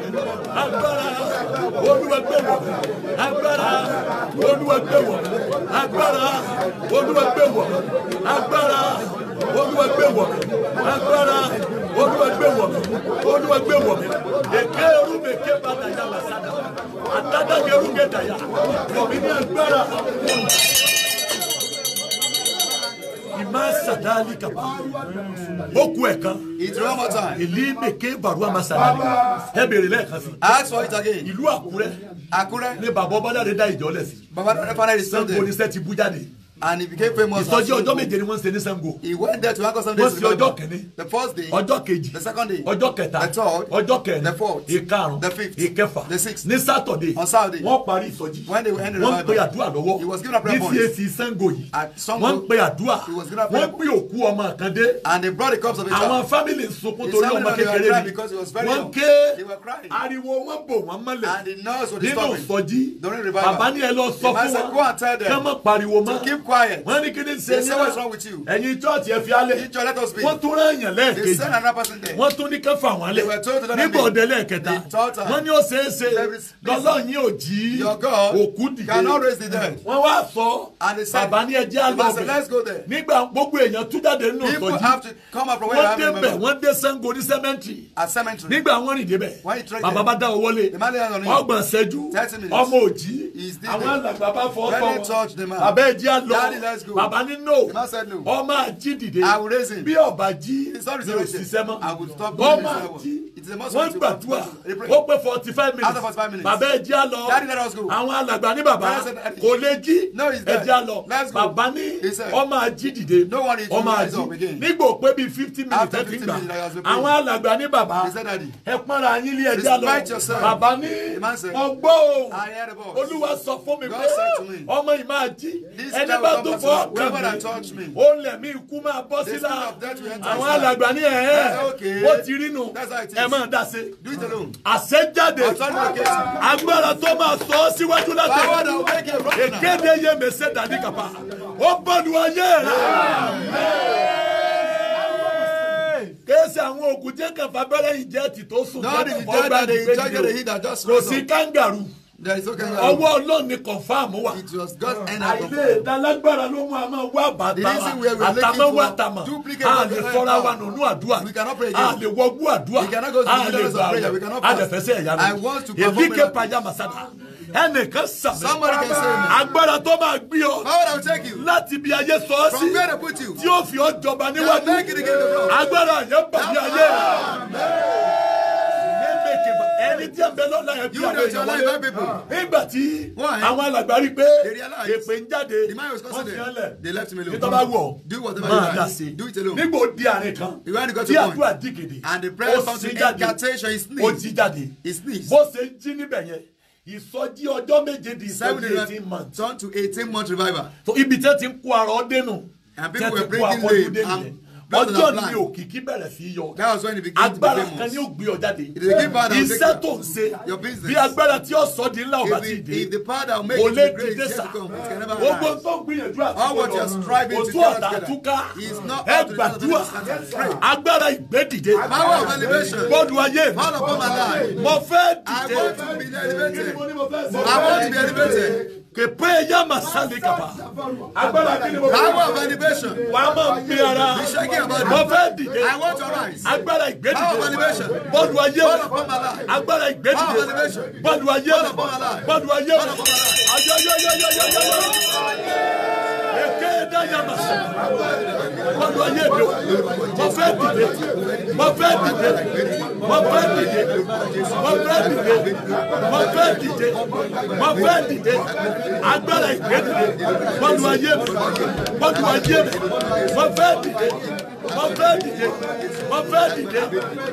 agbára olúwa gbé wọ̀ agbára olúwa gbé wọ̀ agbára agbára olúwa gbé wọ̀ agbára olúwa gbé wọ̀ agbára olúwa gbé wọ̀ olúwa gbé wọ̀ èké eru mèké bàtà yàrá sádà àtàdàgẹrù gẹdà yà wọ̀ mí ní agbára. Ima sadali hmm. kapa. Oku ẹ̀kan. Ìtura mọ́ta. Ìlí mèké Barua Masadali. Ẹ béèrè lẹ́ẹ̀kan sí. A sọ ìtàgé. Ìlú Àkúrẹ́. Àkúrẹ́. Ni bàbá Ọbádàrẹ́ dá ìjọ lẹ̀ sí. Bàbá Ọbádàrẹ́ fara ìsọ̀dẹ̀. Sango oníṣẹ́ ti bú jáde and he became famous as Sango. ìsọjí ọjọ́ ni wọ́n ń ṣe Sango. he went there to anchor Sunday to remember. wọ́n ṣe ọjọ́ kẹ́ni. the first day. ọjọ́ kejì. the second day. ọjọ́ kẹta. the third. ọjọ́ kẹrin. the fourth. ìkarùn. the fifth. ìkẹfà. the sixth. ní Saturday. on Saturday. wọ́n parí ìsọjí. when they were ending the bible. wọ́n pe àdúrà lọ́wọ́. he was given a prayer point. ní CAC Sango yìí. at Sango. wọ́n pe àdúrà. he was given a prayer point. wọ́n pe òkú ọmọ kan dé. and they brought the cups of his child. àwọn family sunkún torí ọmọ kékeré ni. wọ́n ké ariwo wọ́n bò wọ́n mọ́lẹ̀. and the nurse was disturbing. nínú ìsọjí bàbá ni ẹ lọ sọ fún wọn kí wọ́n má quiet. wọ́n ní kí ni ṣe ní náà ẹ̀yin church ẹ fi When wọ́n tún rán èèyàn lẹ́ẹ̀kejì wọ́n tún ní kẹfà wọn lẹ̀ nígbà ọ̀dẹ lẹ́ẹ̀kẹta wọ́n ní ó ṣeé ṣe lọ́lọ́run yín ò jí òkú dìde wọ́n wá sọ bàbá ní ẹjẹ́ àlọ́bẹ̀ nígbà gbogbo èèyàn tú jáde nínú ìtọ́jú wọ́n dé bẹ̀ wọ́n dé Ṣàngó ní sẹ́mẹ́ntì nígbà wọ́n rìn débẹ̀ bàbá bá dá owó lé ọgbọ̀n ṣẹ́jú ọmọ òjì for àgbàgbà bá fọ́ ọ́ tọ́ abẹ́ jí á lọ bàbá ní no ọmọ àjí dìde bí ọba jí mi ò ṣiṣẹ́ mọ́ ọmọ àjí wọ́n gbàdúrà ó pé forty five minutes bàbá ẹ jí àlọ àwọn alàgbà ní bàbá kò lè jí ẹ jí àlọ bàbá ní ọmọ ají dìde ọmọ ají nígbò pé bíi fifty minutes ẹ ti gbà àwọn alàgbà ní bàbá ẹ pọ́nra yín lé ẹ jí àlọ bàbá ní ọgbọ́n olúwa sọ fún mi pé ọmọ yìí máa jí ẹni bá tó fọ́ kàn mí ó lẹ̀ mí ikú máa bọ́ sílá àwọn alàgbà ní ẹ̀ ẹ́ ó ti rí nu ẹ̀ má máa dá se. àṣejáde agbára tó máa sọ ọ́ síwájú láti ìkéde yé mèsè dàdí kàpá ó bọ̀dù ayé rẹ̀. kéésì àwọn ògùn jẹ́ kàfà bẹ́rẹ̀ ìjẹ́ tì tó sùn lórí ìfọ̀gbà nìgbẹ́ni kò sí kángarù ọwọ́ ọlọ́run ni confam wa àìlè ìdálágbára ló mú a máa wá bàtà wa àtàmọ́ wa tàmọ́ a lè fọ́ra wa nínú àdúrà a lè wọgbú àdúrà a lè gbà wẹ̀ a lè fẹsẹ̀ ẹ̀yà rẹ̀ èmi ké pàjá màsàdà ẹnìkan sàmì agbára tó máa gbé ọ láti bí ayé sọ ọ sí tí ó fi ọ jọba níwájú agbára yẹn bàjẹ́ ayé ẹni tí a bẹ lọ́la yẹn bí àwọn èèyàn wọlé ah. nígbà tí àwọn alàgbà rí pé èpè ń jáde wọ́n ti hẹ́lẹ̀ nítorí bá wọ̀ máa dà sí nígbà ó di àárín kan tí àdúrà dìgèdè ó sì jáde ó ti jáde bó ṣe ń jí níbẹ̀ yẹn ìsọjí ọjọ́ méje di ìsọjí eighteen months. turn to eighteen months revival. so ibi tẹ́ ti ń kó ara ọ dénú tẹ́ ti kó akọ́dún dénú yẹn ọjọ́ ni òkìkí bẹ̀rẹ̀ sí yọ agbára kan ni ó gbé ọ jáde iṣẹ́ tó ń ṣe bí agbára tí ó sọ di ńlá ọba ti dé kò lè dìde sá gbogbo tó ń gbìyànjú àtúkọ̀ kò tó ọ̀tà àtúkà ẹ gbàdúrà agbára ìgbé dìde bọ́ọ̀dù ayé mo fẹ́ dìde. I want to be elevated. I want to be elevated kèpé ya masande kaba. agbára kí ni power of elevation. wà á máa gbé ara. ìṣẹ́gi àbájá. mo fẹ́ dìde. I want to rise. agbára ìgbédìde. power of elevation. bọ́ọ̀lù ayé mi. agbára ìgbédìde. power of elevation. bọ́ọ̀lù ayé mi. bọ́ọ̀lù ayé mi. ayọ̀ ayọ̀ ayọ̀ ayọ̀ ayọ̀ ayọ̀. Ọlọ́ yé mi o, mo dìde, mo fẹ́ mi, ọlọ́ yé mi, mo fẹ́ dìde mo fẹ́ dìde mo fẹ́ dìde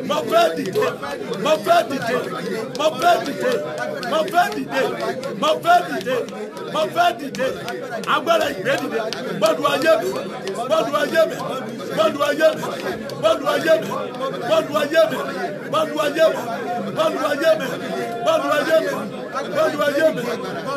mo fẹ́ dìde mo fẹ́ dìde mo fẹ́ dìde mo fẹ́ dìde mo fẹ́ dìde mo fẹ́ dìde agbára ìgbé dìde gbọ́dọ̀ ayé mi gbọ́dọ̀ ayé mi gbọ́dọ̀ ayé mi gbọ́dọ̀ ayé mi gbọ́dọ̀ ayé mi gbọ́dọ̀ ayé mi gbọ́dọ̀ ayé mi gbọ́dọ̀ ayé mi gbọ́dọ̀ ayé mi.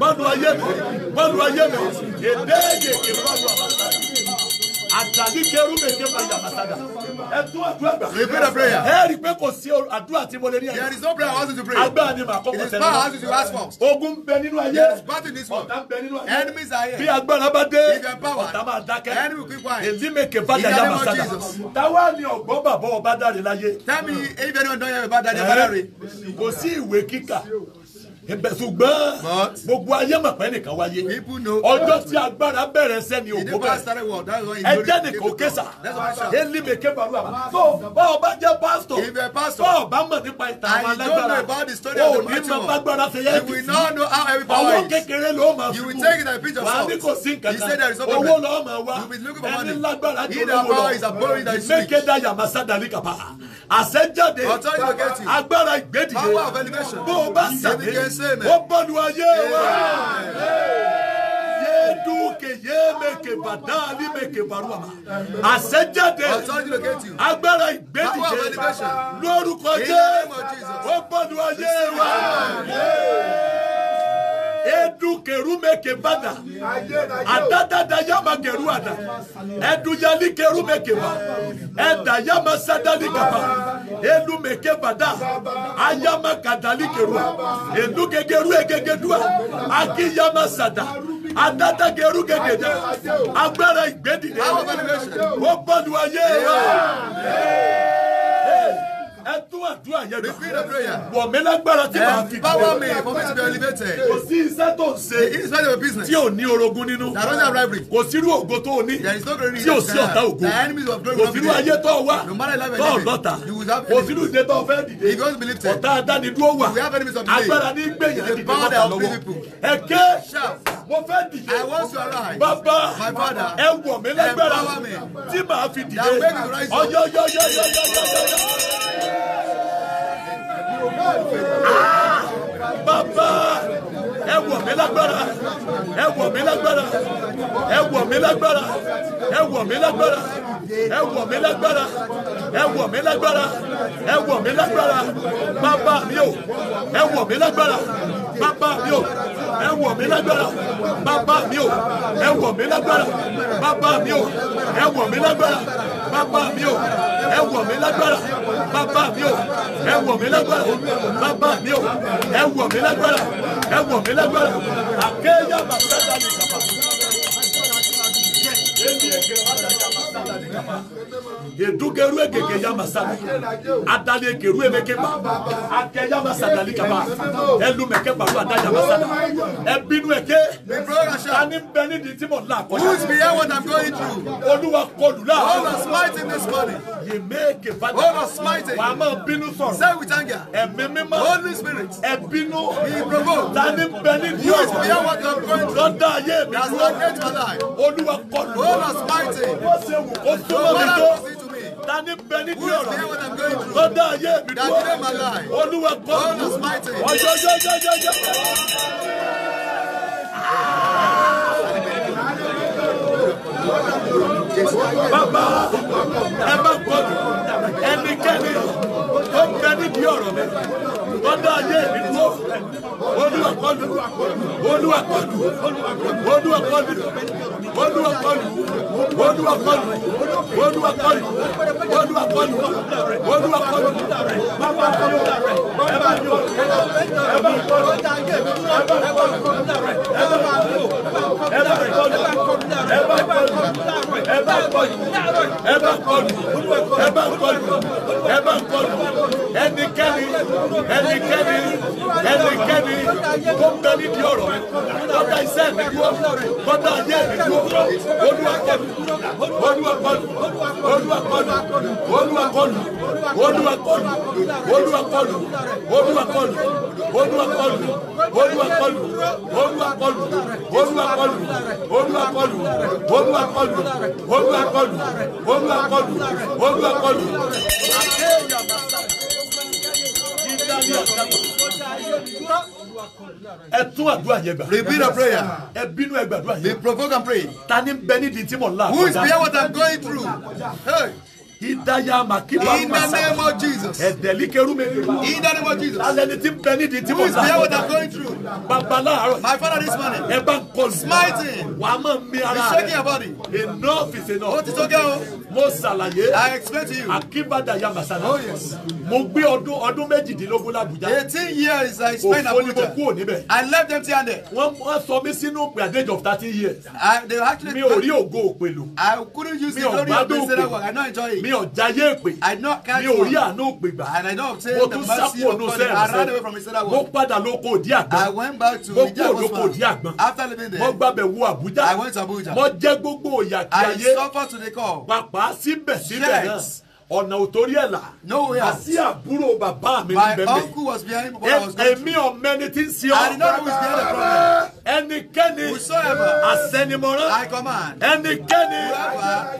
bọ́ọ̀lù ayé mi bọ́ọ̀lù ayé mi èdè yèké bọ́ọ̀lù àbàtà àtàlí kẹrù mèké bàjẹ́ àbàtàdà ẹtú àdúrà gbà. we i pé kò sí àdúrà tí mo lè rí àyè. there is no prayer I want you to pray. agbára ni màá kọ́kọ́ tẹ̀lé. it is power I want you to ask for. ogun bẹ nínú ayé. there is in this one, ọ̀tá bẹ nínú ayé. enemies are here. bí agbára bá dé. if you empower. ọ̀tá máa dákẹ́. enemy quick wine. èdè mèké bàjẹ́ àbàtàdà. táwa ni ọ̀gbọ́n bàbá ọba dáre láyé. tell me if anyone don hear about that they are bad kò sí ìwé kíkà ibẹ̀ ṣùgbọ́n gbogbo ayé mọ̀ pé nìkan wáyé ọjọ́ tí agbára bẹ̀rẹ̀ sẹ́ni òkú bẹ̀rẹ̀ ẹjẹ́ nìkan ó késà eli mi ké balu àmà tó bá ọba jẹ́ pásítọ̀ bá ọba mọ̀ nípa ìtàn àwọn alágbára o ní ma bágbára ṣe yẹ kí ọwọ́ kékeré ló ma fi kú wà á ní kò sí nǹkan kan owó lọ́ọ́ ma wá ẹni lágbára tó lówó lọ mẹ́kẹ́ dá yàmá sádàlí kàpá àṣẹ jáde agbára ìgbédìde bó o bá sàdé ó bọ́nu ayé wa yéédú ke yéémeke bàdáàlì meke baruwa àṣẹjáde agbára ìgbẹ́dìje lórúkọ Jésù ó bọ́nu ayé wa edu keru kerume kebada da yama keruada edu yali keru kerume keba eda yama sadali kaba Edu meke bada ayama kadali kerua edu kegeru egegedua aki yama sada adada geru gegede agbára ìgbédìde ó bọ́ọ̀lù ayé. Yeah. Yeah. Yeah ẹ tún àdúrà yẹn gbà. repeat the prayer. wọ̀ mí lágbára tí màá fi dìde. power me for me to be elevated. kò sí iṣẹ́ tó ń ṣe. the inside of a business. tí ò ní orogún nínú. that doesn't have rivalry. kò sírú ògo tó o ní. there is no glory in your life. tí ò sí ọ̀tá ògo. the enemies of glory will be there. ayé tó wá. no matter life and death. tó ọ̀dọ́ta. you will have enemies. kò sírú ìdè tó fẹ́ dìde. if you want to be lifted. ọ̀tá adánidúró wà. you have enemies of the day. agbára ní gbẹ̀yìn. the power that will people. ẹ ké mo fẹ́ dìde. I want your life. Bàbá my father. Ẹ wọ̀ mí lágbára. Empower me. Tí màá fi dìde. That way you rise up. Ọyọ yọ yọ yọ yọ yọ yọ. Ah! bàbá ẹ wọ̀ mí lágbára ẹ wọ̀ mí lágbára ẹ wọ̀ mí lágbára ẹ wọ̀ mí lágbára ẹ wọ̀ mí lágbára ẹ wọ̀ mí lágbára ẹ wọ̀ mí lágbára bàbá mi o ẹ wọ̀ mí lágbára bàbá mi o ẹ wọ̀ mí lágbára bàbá mi o ẹ wọ̀ mí lágbára bàbá mi o ẹ wọ̀ mí lágbára bàbá mi o ẹ wọ̀ mí lágbára bàbá mi o ẹ wọ̀ mí lágbára bàbá mi o ẹ wọ̀ mí lágbára ẹ wọ̀ mí lágbára àkéyà bàbá mi edugeru egege yamasada adali egeru emekeba ake yamasada likaba elumeke balu ada yamasada ebinu eke tani bẹ nídìí tí mo là kọjá olúwa kọlù láàárọ̀ yèméèkè fada. smite. wàá say with anger. holy spirit. he provoke. you is fear what i'm going through. lọ́dọ̀ ayé mi. not hate my life. smite. ó ṣe wù kó súnmọ́ mi tó ta ni bẹ ní bí ọ̀rọ̀ ló dá ayé mi dúró olúwa gbọ́ ọjọ́ ọjọ́ ọjọ́ ọjọ́ ọjọ́ bàbá ẹ bá gbọ́dọ̀ ẹnikẹ́ni tó ń níbi ọ̀rọ̀ mi ọba ayé mi tó olúwa kọlù olúwa kọlù olúwa kọlù olúwa kọlù olúwa kọlù olúwa kọlù olúwa kọlù olúwa kọlù bàbá kọlù bàbá yóò ẹbá kọlù ẹbá kọlù ẹbá kọlù ẹbá kọlù ẹbá kọlù ẹbá kọlù ẹbá kọlù ẹbá kọlù ẹbá kọlù ẹbá kọlù ẹnikẹ́ni ẹnikẹ́ni ẹnikẹ́ni tó ń bẹ nídìí ọ̀rọ̀ lọ́dà iṣẹ́ mi dúró lọ́dà ayé mi dúró olúwa kọlù olúwa kọlù olúwa kọlù olúwa kọlù olúwa kọlù olúwa kọlù olúwa kọlù olúwa kọlù olúwa kọlù olúwa kọlù olúwa kọlù olúwa kọlù olúwa kọlù olúwa kọlù olúwa kọlù olúwa kọlù ẹ tún àdúrà yẹn gbà. repeat the prayer. ẹ bínú ẹ gbàdúrà yẹn. be provoke and pray. ta ni bẹ di tí mo la. who is behind what I'm going through. Hey. In the name of Jesus. In the name of Jesus. Who is there what I'm going through? My father this morning. Smiting. He's shaking your body. Enough is enough. What is okay? Oh? Mo ṣàlàyé. I explain to you. Akíbádà Yamasana. Oh yes. Mo gbé ọdún ọdún méjìdínlógún l'Abuja. Eighteen years I spent in Abuja. Òfò ni mo kúrò níbẹ̀. I left them till there. Wọ́n wọ́n sọ mí sínú òpè at the age of thirteen years. I they actually. Mi ò rí ògo òpèlú. I couldn't use the glory of the Sarah work. I no enjoy it mi ò jayé èpè mi ò rí àánú pè gbà mo tún sá kúrò ní sẹ́ẹ̀rẹ́ mo padà lóko òdí àgbọn mo kúrò lóko òdí àgbọn mo gbàbẹ̀ wo Àbújá mo jẹ́ gbogbo òyà ayé pàpà síbẹ̀síbẹ̀ náà ọ̀nà òtórí ẹ̀ la àti àbúrò bàbá mi ní bẹ́ẹ̀ mi èmi ọ̀mẹ́ ti ń si ọ́ ẹnikẹ́ni àsẹnimọ̀ràn ẹnikẹ́ni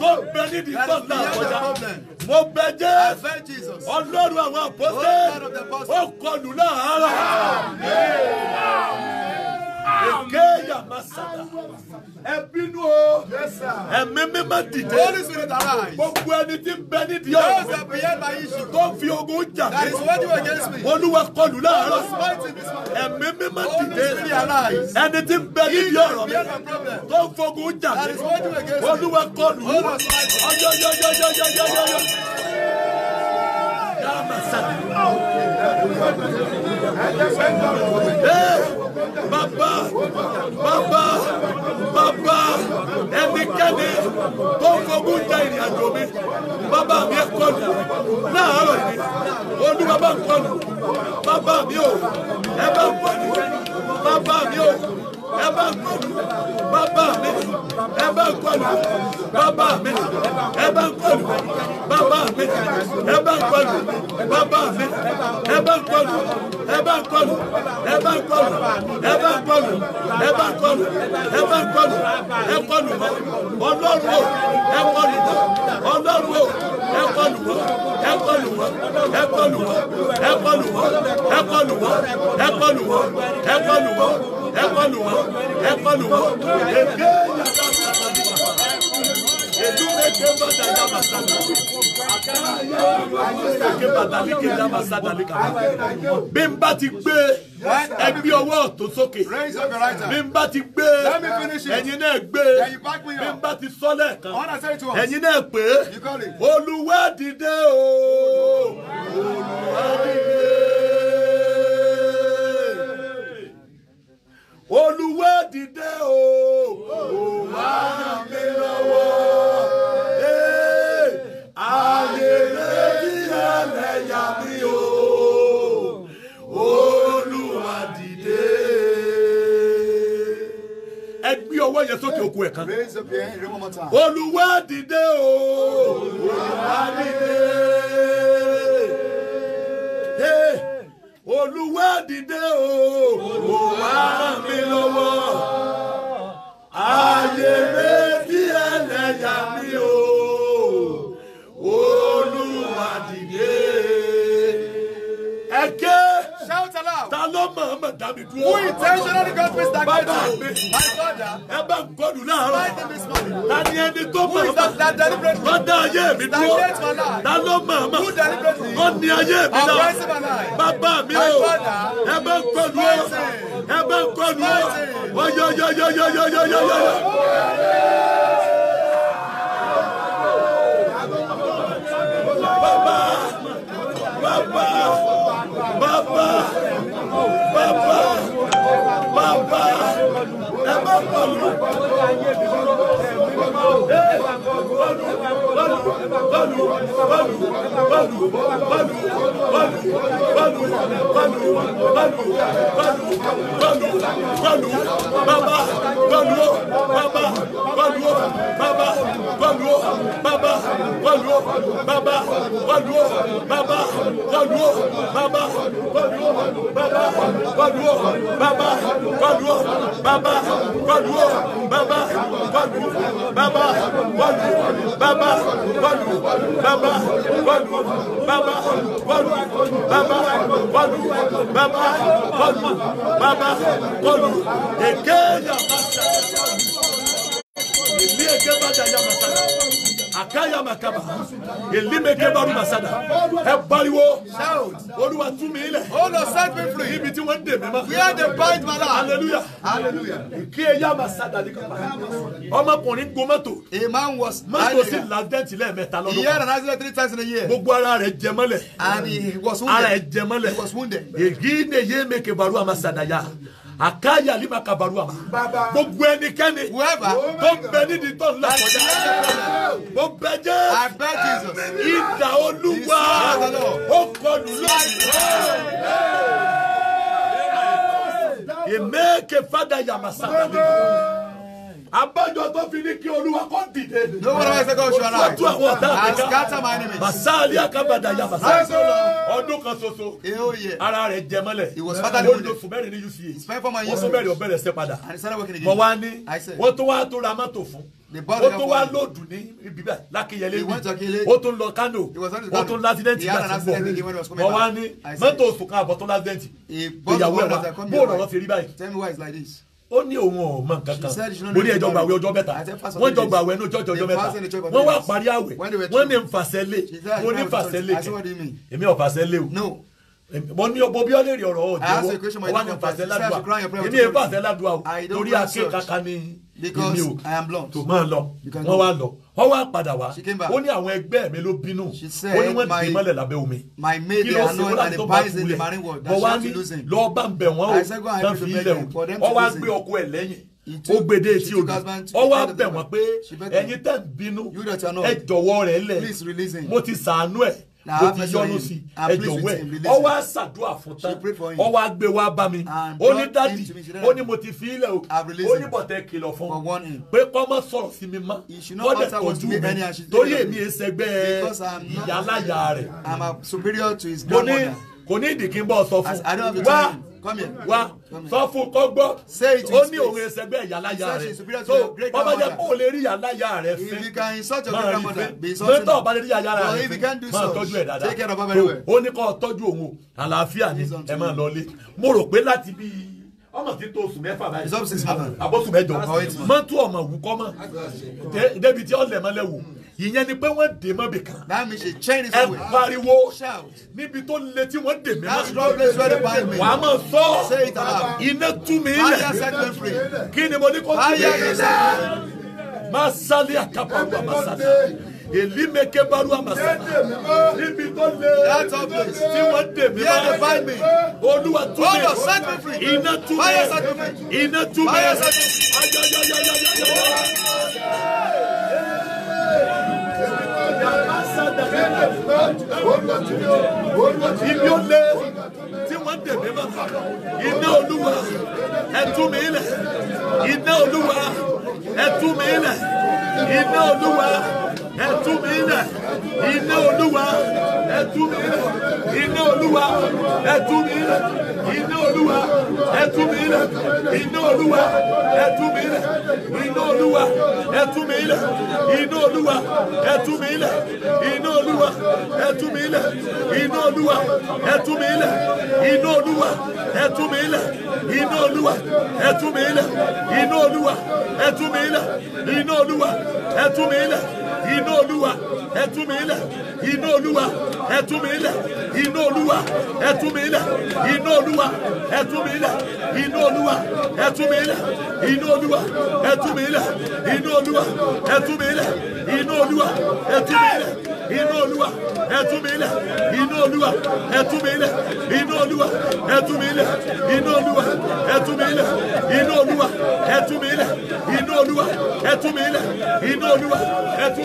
tó bẹ nídìí tó ń àkọjá mo bẹ jẹ́ ọlọ́run àwọn àpótẹ́ ó kọlù náà rà kéèyà má sàdá ẹ bínú o ẹ̀mí mi má dìde gbogbo ẹni tí ń bẹ nídìí ọ̀rọ̀ tó fi ogun jà olúwa kọlù láàárọ̀ ẹ̀mí mi dìde ẹni tí bẹ nídìí ọ̀rọ̀ mi tó fi ogun jà olúwa kọlù ọjọ́jọ́jọ́jọ́jọ́jọ́ Baba, baba, bàbá ẹnikẹ́ni tó ń fogún jẹ ìrìn àjò mi baba mi ẹ kọlù láàárọ̀ yìí olú bàbá ń kọlù bàbá mi ò ẹ bá ń kọlù bàbá mi ò ẹ bá ń kọlù bàbá mi ẹ bá ń kọlù bàbá mi ẹ bá ń kọlù bàbá mi ẹ bá ń kọlù bàbá mi ẹ bá ń kọlù ẹ bá ń kọlù ẹ bá ń kọlù ẹ bá ń kọlù ẹ bá ń kọlù ẹ bá ń kọlù ẹ kọlù mọ ọlọ́run o ẹ kọlù mọ ọlọ́run o ẹ kọlù mọ ẹ kọlù mọ ẹ kọlù mọ ẹ kọlù mọ ẹ kọlù mọ ẹ kọlù mọ ẹ kọlù mọ ẹ kọlù wọn ẹ kọlù wọn èké yàtọ̀ èdú èké bàtà yàtọ̀ sàdà èké bàtà lékè yàtọ̀ ti gbé ẹgbẹ́ ọwọ́ ọ̀tún sókè bí ti gbé ẹ̀yin náà gbé bí ti sọ́lẹ̀ kan ẹ̀yin náà pé olùwádìí o olùwádìí Olúwa dìde o ó wá mi lọ́wọ́ ayé rẹ̀ kí ẹlẹ́yà mi o Olúwa dìde. ẹ gbé ọwọ́ yẹn sókè òkú ẹ̀ kan Olúwa dìde o ó wá mi lọ́wọ́ olúwa dìde o olúwa ràn mí lọ́wọ́ ààyè méjì ẹlẹ́yà mi o olúwa dìde ẹ̀kẹ́ ta ló mọ̀ ọ́n who intentionally got me stagnant. bàbá mi ẹ bá ń kọlù láàárọ̀. ta ni ẹni tó mọ̀ ọ́n mọ̀ wọ́n dá ayé mi dúró. ta ló mọ̀ ọ́n mọ̀ wọ́n ní ayé mi lọ. bàbá mi o ẹ bá ń kọlù o ẹ bá ń kọlù o. ọyọ yọ yọ yọ yọ yọ yọ yọ. Ọlọ́run. Baba, Baba, Baba, wadu baba wadu baba wadu baba wadu baba wadu baba wadu eke ya basa. Èmi èké bá dàjà bàtà makaya makaba elimeke baru masada ẹ pariwo olúwa tú mi ilẹ̀. o set me free. ibi tí wọ́n ń dèmí ma. where they bind my life. hallelujah. hallelujah. kí ẹ yá masada ní kaba. ọmọkùnrin gun mọ́tò. a man was. mọ́tò sí ládẹ́ǹtì lẹ́ẹ̀mẹ́ta lọ́dún. he had an accident three times in a year. gbogbo ara rẹ̀ jẹ mọ́lẹ̀. and he was wounded. ara rẹ̀ jẹ mọ́lẹ̀. he was wounded. èyí ni yéé meke baru masada ya àkáyà lè máa kàbàrú àmà gbogbo ẹnikẹ́ni tó bẹ nídìí tó ń lọ kọjá mo bẹ jẹ́ ìdá olúwa ó kọlù lọ́wọ́. Emeke fada yamasaka abájọ tó fi ní kí olúwa kó dìde. no one ever say God shall lie. ó tú àwọn ọ̀tá àgbẹ̀ká. and scatter my enemies. basali akabada ya basali. ọdún kan ṣoṣo. eo eh, oh, ye. ara rẹ̀ jẹ mọ́lẹ̀. he was fatally wounded. ó lo sùn mẹ́rin ní uca. he spent four months. ó sùn mẹ́rin ọ̀bẹ̀rẹ̀ ṣe padà. and he started working again. mo wá ní. I said. wọ́n tún wá tó ra mọ́tò fún ó tún wá lòdù ní ibi bá lákìyẹlé ní ó tún lọ kánò ó tún lásìdẹ́ǹtì gbà sí bọ̀ mọ wá ní mọ́tò oṣù kan àbọ̀ tó lásìdẹ́ǹtì ìyàwó ẹ̀ wá bóòlù ọ̀rọ̀ ti rí báyìí ó ní òun ò mọ nǹkan kan mo ní ẹjọ́ gbàwé ọjọ́ mẹ́ta wọ́n jọ gbàwé ní ọjọ́ ọjọ́ mẹ́ta wọ́n wá parí àwẹ̀ wọ́n ní nfàsẹ́lẹ̀ mo ní nfàsẹ́lẹ̀ kẹ́ èmi ò fàsẹ́lẹ̀ o mo ní ọbọ bí ọlẹ́rìí ọ̀rọ̀ ọ̀jẹ̀wọ́ ọba ní pàṣẹ ládùúgbà èmi èmi pàṣẹ ládùúgbà o torí ake kaka ni èmi o tó máa lọ wọ́n wá lọ wọ́n wá padà wá ó ní àwọn ẹgbẹ́ mi ló bínú ó ní wọ́n dì í mọ́lẹ̀ lábẹ́ omi kí ló ṣe wọ́n láti tó bá kulẹ̀ wọ́n wá ní lọ́ọ́ bá ń bẹ̀ wọ́n o tán fi ilẹ̀ o wọ́n wá gbé ọkọ ẹ̀ lẹ́yìn ó gbèdé etí odò ọ wá bẹ̀ wọ́n pé ẹ̀yin tẹ̀ ń bínú ẹ jọ̀wọ́ rẹ̀ lẹ̀ mo ti sàánú ẹ̀ mo ti yọnu sí ẹ jọ̀wọ́ ẹ ọ wá ṣàdúrà fún tán ọ wá gbé wá bá mi ó ní dádì ó ní mo ti fi ilẹ̀ o ó ní bọ̀tẹ́ kìlọ̀ fún un pé kọ́ mọ́ sọ̀rọ̀ sí mi mọ́ bọ́dẹ̀ tọ́jú mi torí èmi ẹsẹ̀gbẹ́ ìyálàyà rẹ̀ mo ní kò ní ìdí kí n bọ́ sọ fún wa wá sọ fún kó gbọ́ ó ní òun ẹsẹ̀gbẹ́ ìyáláyà rẹ̀ so bàbá jẹ́ kó o lè rí ìyáláyà rẹ̀ fẹ́ máa rí fẹ́ mẹ́tọ́ ọ̀bá lè rí ìyáláyà rẹ̀ fẹ́ máa tọ́jú ẹ̀ dáadáa ó ní kó tọ́jú òun àlàáfíà ni ẹ máa lọ lé mo rò pé láti bíi ọmọ ti tó oṣù mẹ́fà báyìí àbọ̀sùn mẹ́jọ mọ́tò ọmọ wù kọ́ mọ́ débi tí ọ̀lẹ̀ mọ́lẹ̀ wù ìyẹn ni pé wọ́n dè mọ́ bìkan. that means chain is away. ẹ pariwo níbi tó le tí wọ́n dè mí. that's not place where the bible. wàá mọ̀ sọ. iná tú mi ilẹ̀. free. kí ni mo ní kó tú mi ilẹ̀. máa sálẹ̀ àkàpàgbà máa sálẹ̀ èlí mẹ́kẹ́ bárú àmàsà níbi tó lé tí wọ́n dè mí bá olúwa tú mi iná tú mi iná tú mi ayayayayayaya ibi ó lé tí wọ́n dè mí mọ́ iná olúwa ẹ tú lẹ̀ iná olúwa ẹ tú mi lẹ̀ iná olúwa ẹ tú mi lẹ̀ iná olúwa ẹ tú mi lẹ̀ iná olúwa ẹ tú mi lẹ̀ iná olúwa ẹ tú mi lẹ̀ iná olúwa ẹ tú mi lẹ̀ iná olúwa ẹ tú mi iná olúwa ẹ iná olúwa ẹ iná olúwa ẹ iná olúwa ẹ iná olúwa ẹ iná olúwa ẹ mi lẹ̀ iná olúwa ẹ tú mi lẹ̀ iná olúwa ẹ tú mi lẹ̀ iná olúwa ẹ tú mi lẹ̀ iná olúwa ẹ tú mi lẹ̀ iná olúwa ẹ tú mi lẹ̀ iná olúwa ẹ tú mi lẹ̀ iná olúwa ẹ tú mi lẹ̀ iná olúwa ẹ mi lẹ̀ iná olúwa ẹ mi lẹ̀ inú olúwa ẹ tú mi lẹ̀ inú olúwa ẹ tú mi lẹ̀ inú olúwa ẹ tú mi lẹ̀ inú olúwa ẹ tú mi lẹ̀ inú olúwa ẹ tú mi lẹ̀ inú olúwa ẹ tú mi lẹ̀ inú olúwa ẹ tú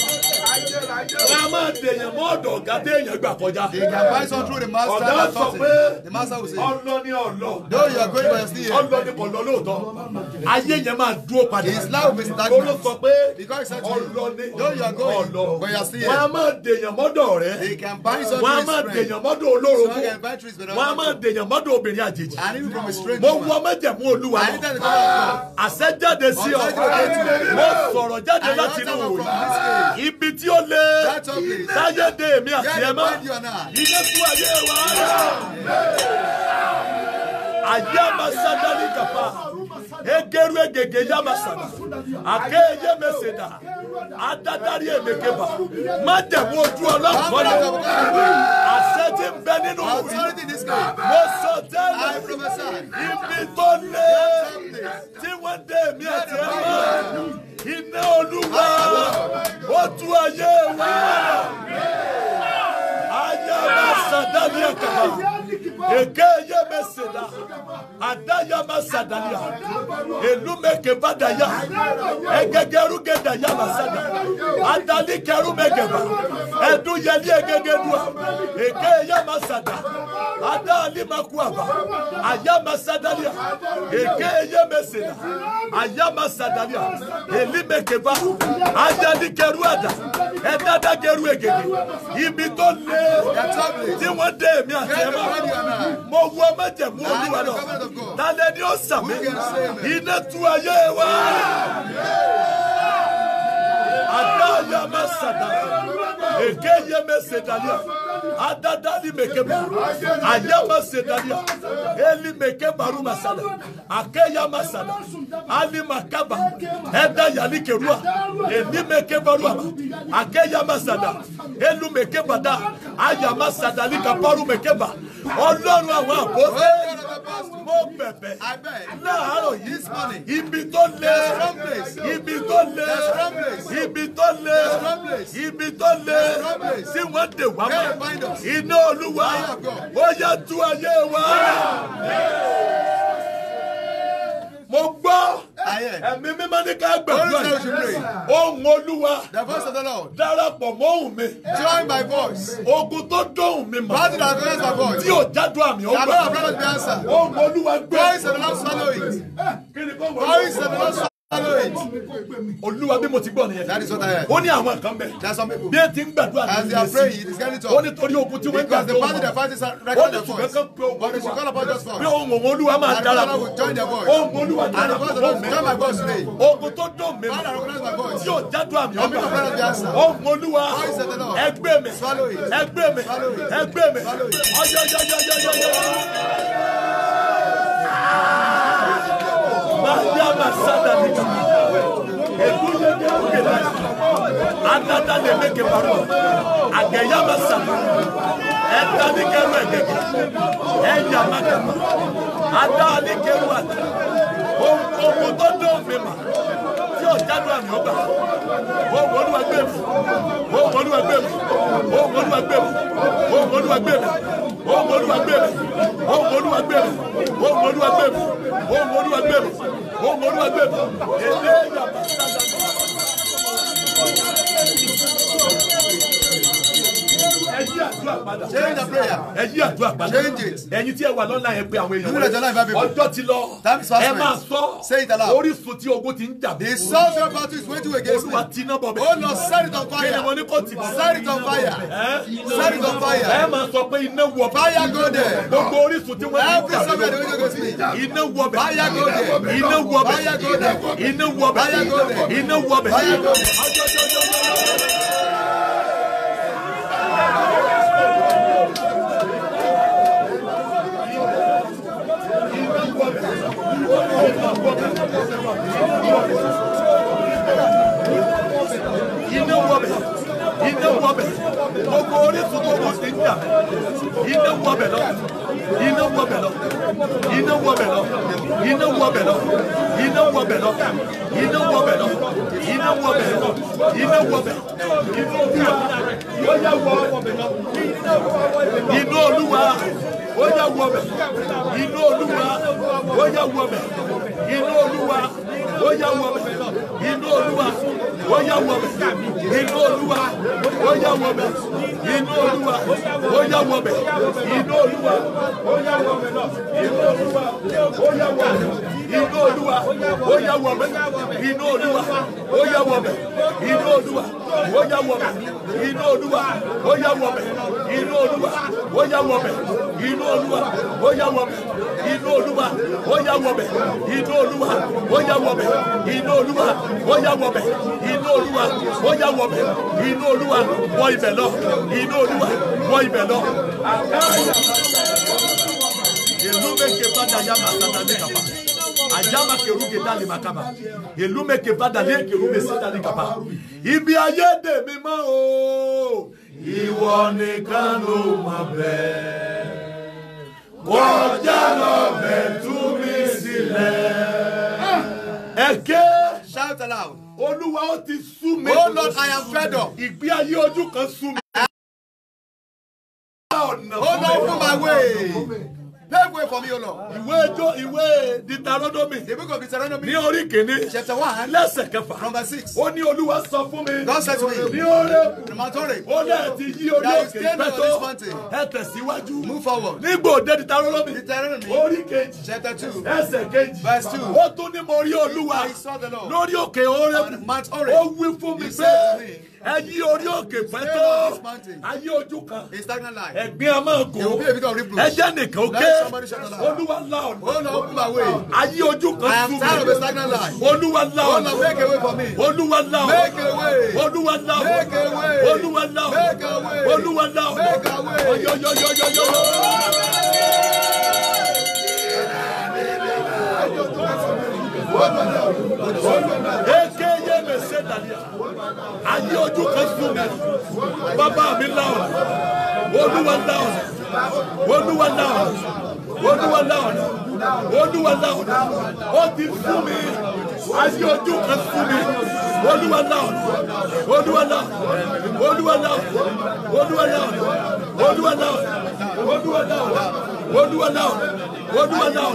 mi lẹ̀ wọ́n á máa dèèyàn mọ́ ọ̀dọ̀ ọ̀gá téèyàn gbà kọjá. ọ̀gá sọ pé ọlọ ni ọlọ. ọlọ ni kò lọ lóòótọ́. ayé yẹn máa dúró padà. olú sọ pé ọlọ ni ọlọ. wọ́n á máa dèèyàn mọ́dọ̀ rẹ̀. wọ́n á máa dèèyàn mọ́dọ̀ olórogún. wọ́n á máa dèèyàn mọ́dọ̀ obìnrin àjèjì. mo wọ mẹ́jẹ̀mú olúwa. àṣẹ jáde sí ọ. mo sọ̀rọ̀ jáde láti inú òòyì. ibi tí tí ó le láyé dé èmi àti ẹ mọ́ ilé fún ayé wa. ayé amasadali kapa egeru egege yamasada akeye meseda adadari èdèkébà má dẹ̀mú ojú ọlọ́kùnrin àṣẹ tí ń bẹ nínú mi mo sọ tẹ́lẹ̀ ibi tó lé tí wọ́n dé mi àti ẹ̀ mọ́ iná olúwa ó tú ayé wa ayé wa sàdáni ẹ̀kọ́ egeye meseda adaya masadaya elume kebadaya egegeru daya masada adali keru megeba edu yeli egegedua egeye masada adali makuaba aya masadalia egeye meseda aya masadalia elime keba adali keru ada edada keru egege ibi tó le tí wọ́n dé mo wọ májẹ̀mú olúwa lọ lálẹ́ ni ó sàmì iná tú ayé wa. Adá ya ma sàdá, èké yé mẹ́sẹ̀ dàlẹ́ adadali mekeba ayama sedalia eli meke baru masala akeya masala ali makaba eda yali kerua eli meke baru ama akeya masada elu meke bada ayama sadali kaparu mekeba ọlọ́run àwọn àbọ̀tẹ́ mo bẹ̀bẹ̀ láàárọ̀ yìí ibi tó lé ibi tó lé ibi tó lé ibi tó lé tí wọ́n dè wá mọ́ iná olúwa ó yá tú ayé wa. mo gbọ́ ẹ̀mí mímọ́ ní ká gbàgbọ́ ohùn olúwa darapọ̀ mọ́ ohùn mi. join my voice. ogun tó dóhùn mi mọ̀. battle that connect my voice. tí o jáde àmì ọgbà. the lord of promise be answer. ohùn olúwa gbé. voice of the lord swallow it. kí ni kò wọlé. voice of the lord swallow it olúwa bí mo ti gbọ́ nìyẹn ó ní àwọn kan bẹ̀ bí ẹ ti ń gbàdúrà ní ìrẹsì ó ní torí ogun tí wọ́n gbà tó wọn ó ní ṣùgbọ́n kan pé ohun pé ohun òun olúwa máa dára bọ̀ ohun olúwa dára bọ̀ mẹ́ ogun tó dùn mí mọ́ tí ò jádùn àmì ọgbà ohun olúwa ẹgbẹ́ mi ẹgbẹ́ mi ẹgbẹ́ mi ọjọ́ ọjọ́ ọjọ́ ọjọ́ ọjọ́. Manda masada lika. Ebunye de ukela. Adada de meke paro. Ageya masada. Eta ni keru egege. Eya makama. Ada ni keru ata. Omo to do fema tí ò jáde àmì ọgbà ó wọlúwa gbé mi ó wọlúwa gbé mi ó wọlúwa gbé mi ó wọlúwa gbé mi ó wọlúwa gbé mi ó wọlúwa gbé mi ó wọlúwa gbé mi ó wọlúwa gbé mi ó wọlúwa gbé mi èdè ìyàbá sábà àdúrà padà. change the prayer. ẹ yí àdúrà padà. change it. ẹ̀yin tí ẹ wà lọ́la ẹ pé àwọn èèyàn. ìwúlẹ̀ jọlá ìbá bíbí. ọjọ́ ti lọ. time is fast. ẹ máa sọ. say it aloud. orísun tí ogun ti ń jà. the source of battle is waiting against me. olúwa ti iná bọ̀ bẹ́ẹ̀. ó oh, lọ set it on fire. kéde ní kò tì. set it on fire. set it on fire. ẹ máa sọ pé iná wọ. fire go there. gbogbo orísun tí wọ́n ti ń jà. every summer the wait against me. iná wọ bẹ̀. fire go there. iná wọ bẹ̀. fire go there. iná wọ bẹ̀. fire go there. iná wọ bẹ̀. Yine bu abi. wọbẹ̀ gbogbo orísun gbogbo ti ń dà iná wọbẹ̀ lọ iná wọbẹ̀ lọ iná wọbẹ̀ lọ iná wọbẹ̀ lọ iná wọbẹ̀ lọ iná wọbẹ̀ lọ iná wọbẹ̀ lọ iná wọbẹ̀ iná wọbẹ̀ lọ iná olúwa ó yá wọbẹ̀ iná olúwa ó yá wọbẹ̀ iná olúwa ó yá wọbẹ̀ inú olúwa ó yá wọ bẹ inú olúwa ó yá wọ bẹ inú olúwa ó yá wọ bẹ inú olúwa ó yá wọ bẹ inú olúwa ó yá wọ bẹ inú olúwa ó yá wọ bẹ inú olúwa ó yá wọ bẹ inú olúwa ó yá wọ bẹ inú olúwa ó yá wọ bẹ inú olúwa ó yá wọ inú olúwa ó yá wọbẹ̀ inú olúwa ó yá wọbẹ̀ inú olúwa ó yá wọbẹ̀ inú olúwa ó yá wọbẹ̀ inú olúwa ó yá wọbẹ̀ inú olúwa wọ ibẹ̀ lọ inú olúwa wọ ibẹ̀ lọ. ìlú méje bá dájá máa tàtà ní kàfà ajama keruge dali makaba elume kevada le kerume sadali kapa ibi ayé dèmí mọ́ o ìwọ nìkan ló mọ̀ bẹ́ẹ̀ kọjá lọ bẹ̀ tú mi sílẹ̀. Ah! ẹ ké. shout aloud. olúwa ó ti sú mi. oh lord i am fed up. ìgbé ayé ojú kan sú mi. ó ah! oh, lọ fún my way way for me, O Lord. Ìwé ẹjọ́ ìwé Deuteronomy. The book of Ní orí kìíní. Chapter one. Lẹ́sẹ̀ kẹfà. From verse six. Ó ní Olúwa sọ fún mi. God said to me. Ní oré. The mountain rate. Ó lẹ̀ ti yí orí òkè pẹ́tọ́. Ẹ tẹ̀síwájú. Move forward. Nígbà òde Deuteronomy. Deuteronomy. Orí kejì. Chapter two. Ẹsẹ̀ kejì. Verse two. Ó tún ní mo rí Olúwa. Lórí òkè oré. Mount Oré. Ó wí fún mi pé ẹ orí òkè pẹ́tọ́. Ayé ojú kan. It's stagnant life. Ẹ̀gbin nìkan ó ké olúwa la ọ̀nà ayé ojú kan sún mi olúwa la ọ̀nà olúwa la ọ̀nà olúwa la ọ̀nà olúwa la ọ̀nà olúwa la ọ̀nà ọ̀yọ̀yọ̀yọ̀yọ̀. Eke ye me se dalia, ayé ojú kan sún mi, bàbá mi la ọ̀nà. We'll do 1,000. We'll do 1,000. We'll do 1,000. We'll do 1,000. Ó ti sú mi. Ayé ojú kan sú mi. We'll do 1,000. We'll do 1,000. We'll do 1,000. We'll do 1,000. We'll do 1,000. We'll do 1,000. We'll do 1,000. We'll do 1,000.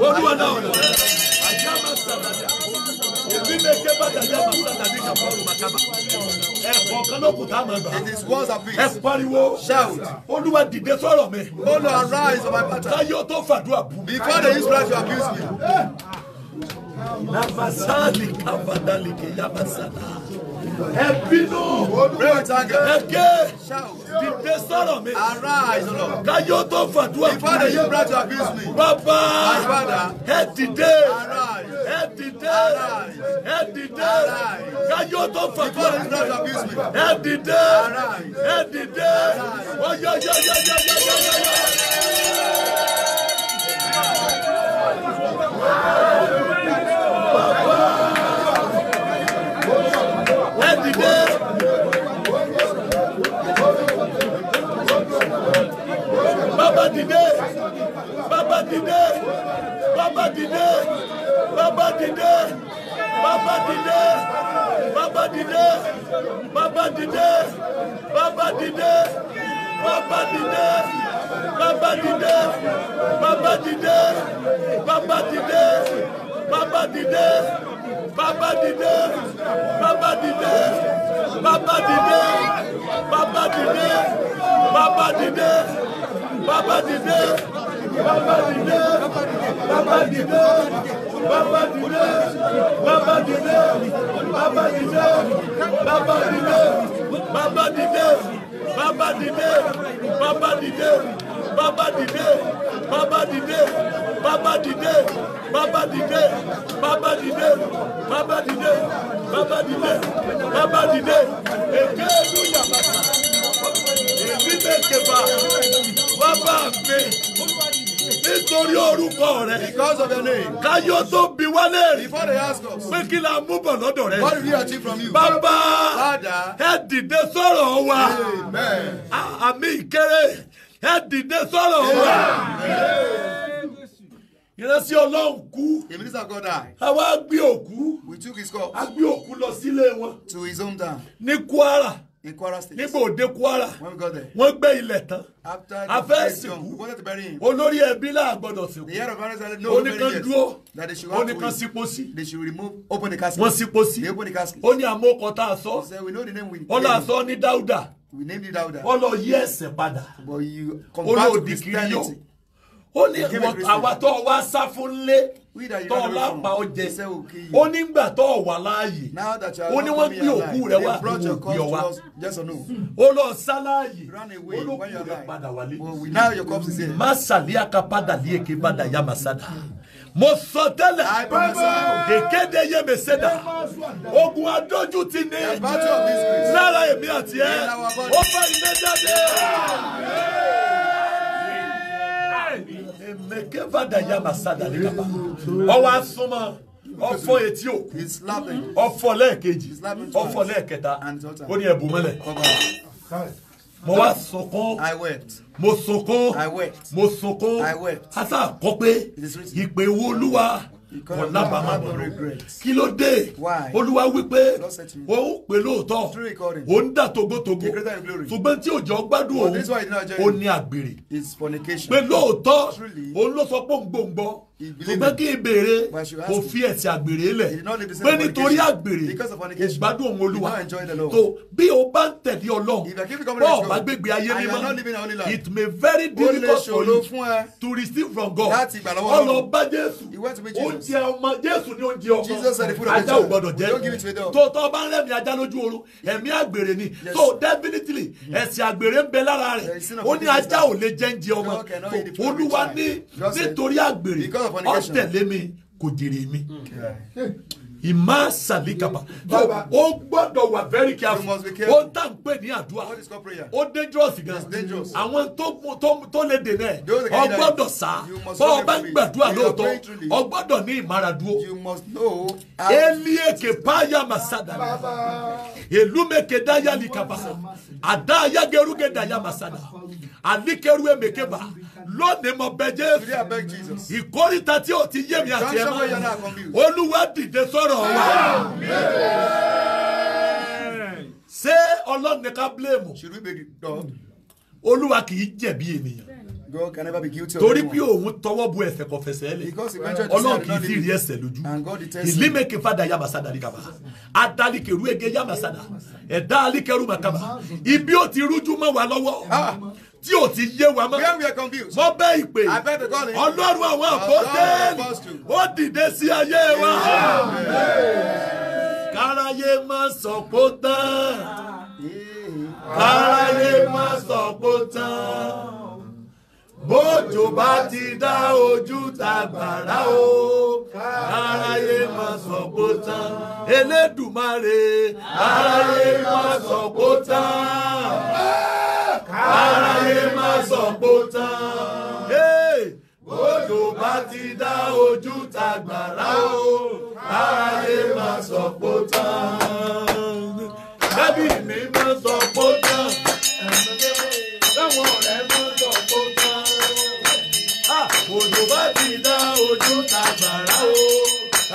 We'll do 1,000. ẹ̀kọ́ it is once a piece. ẹ pariwo. shout. olúwa dìde sọ̀rọ̀ mi. o lọ arise on my matter. táyọ̀ tó fàdúrà bù. before they use pressure abuse me. namasani kavadalike yamasana ẹ bínú ẹ ké dìde sọ̀rọ̀ mi káyọ̀ tó fàdúrà bàbá ẹ dìde ẹ dìde ẹ dìde káyọ̀ tó fàdúrà ẹ dìde ẹ dìde ọ̀yọ̀yọ̀yọ̀yọ̀yọ̀yọ̀. baba dide, baba dide, baba dide, baba dide, baba dide, baba dide, baba dide, baba dide, baba dide, baba dide, baba dide, baba dide, baba dide, baba dide, baba dide, baba dide, baba dide, baba dide bàbá dìde bàbá dìde bàbá dìde bàbá dìde bàbá dìde bàbá dìde bàbá dìde bàbá dìde bàbá dìde bàbá dìde bàbá dìde bàbá dìde bàbá dìde bàbá dìde bàbá dìde bàbá dìde bàbá dìde bàbá dìde èké ló yàgbà. nítorí orúkọ rẹ. because of your name. káyọ̀ tó bi wá léèrè. before they ask us. pé kí la mú bọ̀ lọ́dọ̀ rẹ. what do we achieve from you. bàbá ẹ dìde sọ̀rọ̀ wa. amen. àmì ìkéré ẹ dìde sọ̀rọ̀ wa. amen ìrẹsì ọlọ́run kú. the minister got die. àwa gbé òkú. we took his corpse. a gbé òkú lọ sílé wọn. to his hometown. ní kwara in Kwara State. nígbà òde Kwara wọ́n gbé ilẹ̀ tán a fẹ́ sìnkú olórí ẹbí là gbọ́dọ̀ sìnkú oníkan dúró oníkan sípò sí wọ́n sípò sí ó ní àmókọ tá a sọ ó là sọ ní Dáúdà ó lọ yí ẹsẹ̀ padà ó lọ di kiri yọ ó ní àwa tó wá sá fún lé tó lápá ọjẹ ó nígbà tó wà láàyè ó ní wọ́n gbé òkú rẹ̀ wá òkú yọ wá ó lọ sá láàyè ó ló kú rẹ̀ padà wálé má sàlẹ̀ àkàpadà lé èké padà yá màsádà mo sọ tẹ́lẹ̀ ìkéde yé mi sẹdá ogun adójú ti ní lára èmi àti ẹ ó bá ilé jáde ọwọ́ asúnmọ́ ọfọ etí o ọfọ lẹ́ẹ̀kejì ọfọ lẹ́ẹ̀kẹta ó ní ẹ̀bùn mọ́lẹ̀ mo wá sunkún mo sunkún mo sunkún ata kọ ìpè wo olúwa wọ́n lábàámà lọ́rọ̀ kí ló dé olúwa wípé òun pè lóòótọ́ òun dà togotogo ṣùgbọ́n tí òjò gbádùn òun ó ní àgbèrè pé lóòótọ́ òun ló sọ pé òun gbòǹgbò ṣùgbọ́n kí n béèrè kò fi ẹ̀sìn àgbèrè lẹ̀ pé nítorí àgbèrè kò gbádùn òun olúwa tó bí o bá ń tẹ̀lé ọlọ́run bọ́ ọ̀bá gbégbé ayé mímọ́ it may very difficult for you to receive from God ọlọ bá jésù oúnjẹ ọmọ jésù ní oúnjẹ ọmọ ajá ò gbọdọ̀ jẹ́ tó tọ́ bá ń rẹ̀mí ajá lójú oorun ẹ̀mí àgbèrè ni so definitely ẹ̀sìn àgbèrè ń bẹ lára rẹ̀ ó ní ajá ò lè jẹ́ ń jẹ ọmọ olúwa ní nítorí àgbèrè ọ̀tẹ̀lé mi kò jèrè mi ìmá sàlìkàpà o gbọ́dọ̀ wà very careful o tá n pè ní àdúrà o dangerous gan àwọn tó lè dènà ẹ o gbọ́dọ̀ sá bọ́ ọ bá ń gbàdúrà lóòótọ́ o gbọ́dọ̀ ní ìmáradúró elieke paya masada elumeke dayali kaba ada ayagerugedaya masada àníkẹ́rú èmèké bá lónìí mo bẹ jésù ìkórìtà tí o ti yé mi àti ẹ̀ máa olúwa dìde sọ̀rọ̀ wa. ṣé ọlọ́run ní ká bílẹ̀mù olúwa kì í jẹ̀bi ènìyàn. God can never be guilty of torí bí òun tọwọ́ bu ẹsẹ̀ kò fẹsẹ̀ lẹ̀ ọlọ́run kì í sì rí ẹsẹ̀ lójú ìlímẹ̀kẹ́ fada yamasada ní kaba adalikeru ege yamasada ẹ̀dá alikeru makaba ibi ó ti rújú mọ́ wa lọ́wọ́ ah! tí o ti yé wa mọ́. where we are confused. mo bẹ ìpè. I beg the calling. ọlọ́run àwọn àpótẹ́ẹ̀lì ó dìde sí ayé wa. káráyé má sọ pó tán. káráyé má sọ pó tán. bójú bá ti dá ojú ta gbàrá o. káráyé má sọ pó tán. elédùmarè káráyé má sọ pó tán aráyé má sọ pó tán. bójú bá ti dá ojú ta gbàrá o aráyé má sọ pó tán. dábì mi má sọ pó tán. táwọn ọ̀rẹ́ má sọ pó tán. bójú ah! bá ti dá ojú ta gbàrá o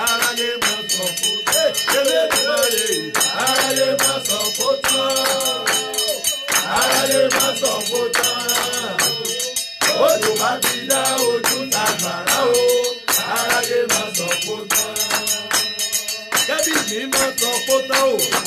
aráyé má. ti dá ojú tàgbàrá o aráyé máa sọ kó tán. kẹ́bí mi máa sọ kó tán o.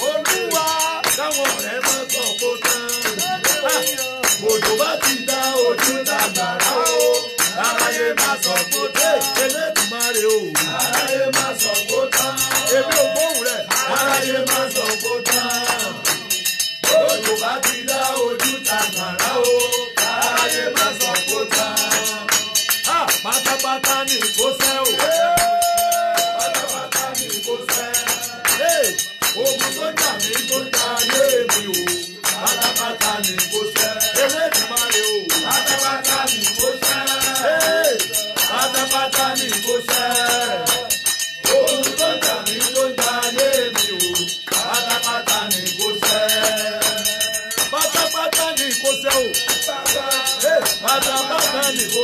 ẹnì kò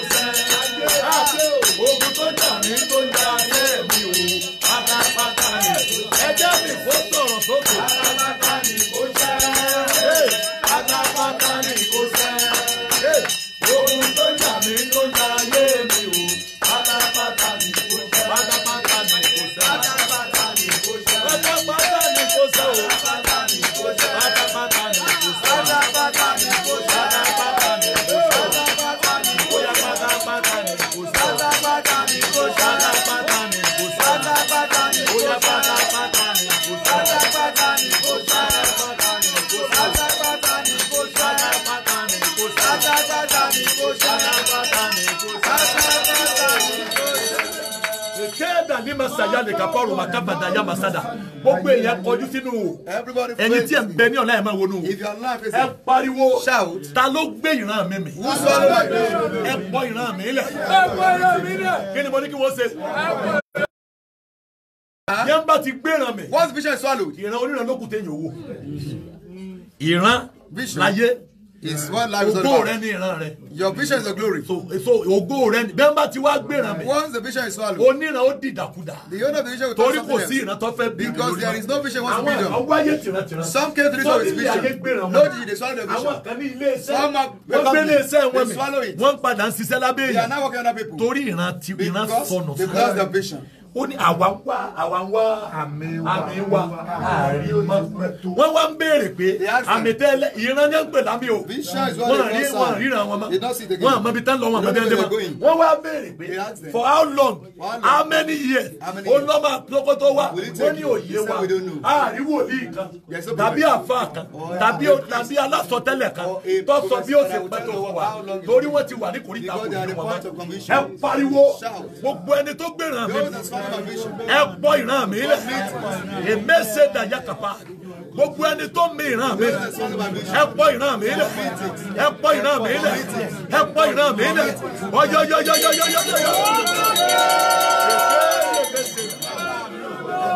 mama saya le kaparu makaba daya masada gbogbo èèyàn kọjú sínú o ẹni tí ẹ bẹ ní ọ̀la ẹ̀ máa wọnú o ẹ pariwo ta ló gbé ìran mi mì ẹ pọ ìran mi lẹ̀ kí ni mo ní kí wọ́n ṣe e yẹn bá ti gbéran mi. once vision swallowed. ìran oníran lókùté yòówó. ìran láyé is what life is all about. your vision is your glory. so so ògo rẹ ni bẹ́ẹ̀ bá ti wá gbéra mi. once the vision is swallowed. oníran ó di ìdàkudà. the owner of the vision will turn something else. torí kò sí ìran fẹ́ bí. because there is no vision once you vision. àwọn wáyé tìrantìran. some came to this of his vision. lójijì they swallow the vision. àwọn kan ní ilé iṣẹ́. some are wọ́n gbé ilé iṣẹ́ wọn mi. wọ́n padà ń ṣiṣẹ́ lábẹ́ yìí. they are now working under people. torí ìran ti sọnù fún wọn. because their vision ó ní àwa wá àwa wá àmì wa àárí mọ́ wọ́n wá ń béèrè pé àmì tẹ́lẹ̀ ìran ní ń pè lámì o wọ́n rí wọ́n ríran wọn mọ́ wọ́n àmọ́ ibi tán lọ wọn àmọ́ ibi tán wọ́n wá béèrè pé for how long how many years ó lọ́mọ àtọ́kọ́tọ́ wa ó ní òye wa àárí wòlíì kan tàbí àfa kan tàbí alásọtẹ́lẹ̀ kan tó bí ó ṣe pẹ́ tó wọ́n torí wọ́n ti wà ní kòríta kòríta wọn ẹ pariwo gbogbo ẹni tó gbèrè àmì ẹ bọ́ ìran mi lẹ̀ èmẹ́sẹ̀ dàjà kàpá gbogbo ẹni tó mi ìran mi ẹ bọ́ ìran mi lẹ̀ ẹ bọ́ ìran mi lẹ̀ ẹ bọ́ ìran mi lẹ̀ ọyọyọyọyọyọyọ. Ẹ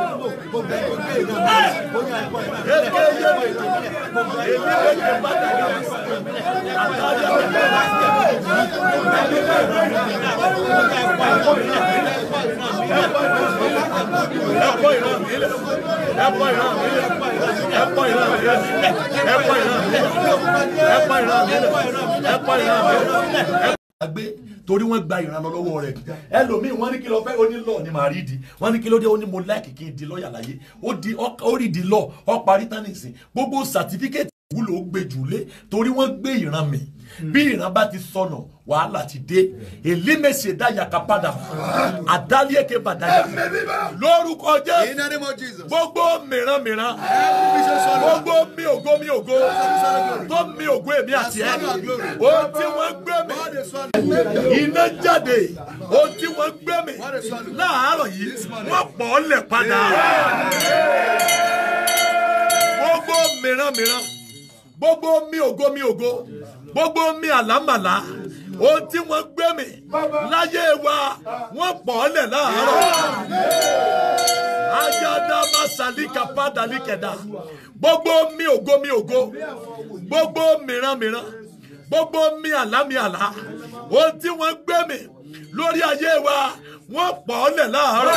pa ìran mi lẹ̀ gbé torí wọ́n gba ìran lọ lọ́wọ́ rẹ̀ ẹlòmíì wọ́n ní kí lọ fẹ́ ó ní lọ ni màá rí di wọ́n ní kí ló dé ó ní mo láìkì kí n di lọ́ọ̀yà láyé ó di ó rí di lọ ó parí tánìsì gbogbo sàtífíkẹ́tì wúlò ó torí wọ́n gbé ìran mi Mm. bí ìran bá ti sọnù wàhálà ti dé èlémèsè dáyàká padà àdáléèké padà lórúkọ Jésù gbogbo mìíràn mìíràn gbogbo mi ògo mi ògo tó mi ògo èmi àti ẹ o tí wọ́n gbé mi iná jáde o tí wọ́n gbé mi láàárọ̀ yìí wọ́n pọ̀ ọ́ lẹ̀ padà gbogbo mìíràn mìíràn gbogbo mi ògo mi ògo gbogbo mi àlámàlà ohun tí wọ́n gbé mi láyé wa wọ́n pọ̀ ọ́ lẹ̀ láàárọ̀. Ajada Masalika Padalikẹ̀dá gbogbo mi ògo mi ògo gbogbo mìíràn mìíràn gbogbo mi àlámìàlá ohun tí wọ́n gbé mi lórí ayé wa wọ́n pọ̀ ọ́ lẹ̀ láàárọ̀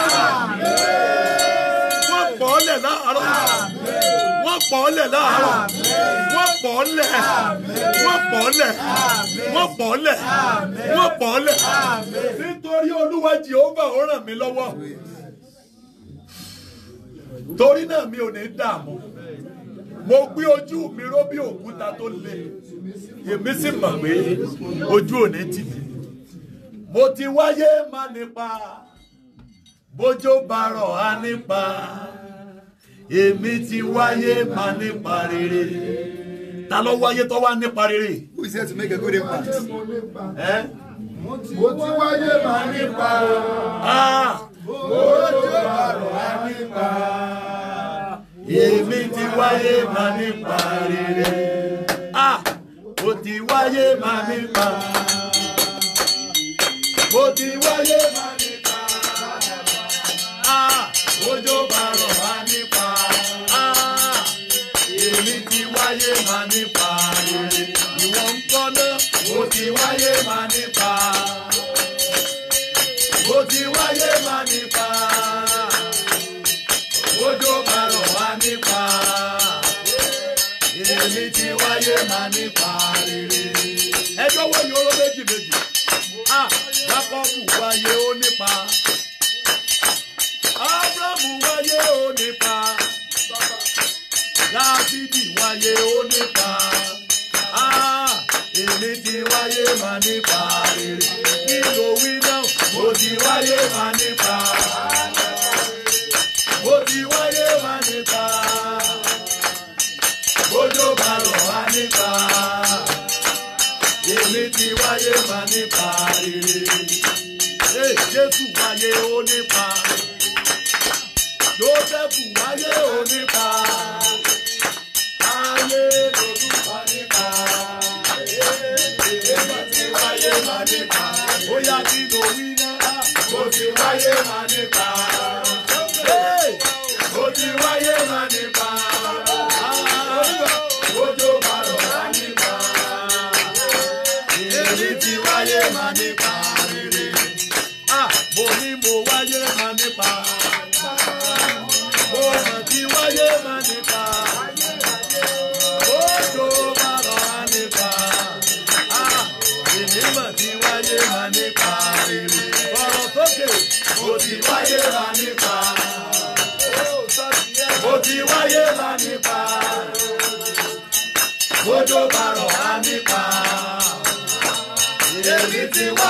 wọ́n pọ̀ ọ́ lẹ̀ láàárọ̀ wọ́n pọ̀ ọ́ lẹ̀ láàárọ̀ wọ́n pọ̀ ọ́ lẹ̀ wọ́n pọ̀ ọ́ lẹ̀ wọ́n pọ̀ ọ́ lẹ̀ wọ́n pọ̀ ọ́ lẹ̀ nítorí olúwa jehova ó ràn mí lọ́wọ́ torí náà mi ò ní dààmú mo gbé ojú mi ró bí òkúta tó le èmi sì mọ̀ pé ojú ò ní tì mí mo ti wáyé má nípa bójó bá rọ̀ á nípa èmi ti wáyé má nípa rere ta ló wáyé tó wá nípa rere. who is here to make a good impact. Eh? mo ti wáyé má nípa ah! bójó bá rọ̀ á nípa èmi ti wáyé má nípa rere. Ah! mo ti wáyé má nípa mo ti wáyé máa ní ká. Ojo bá rọ̀ wá.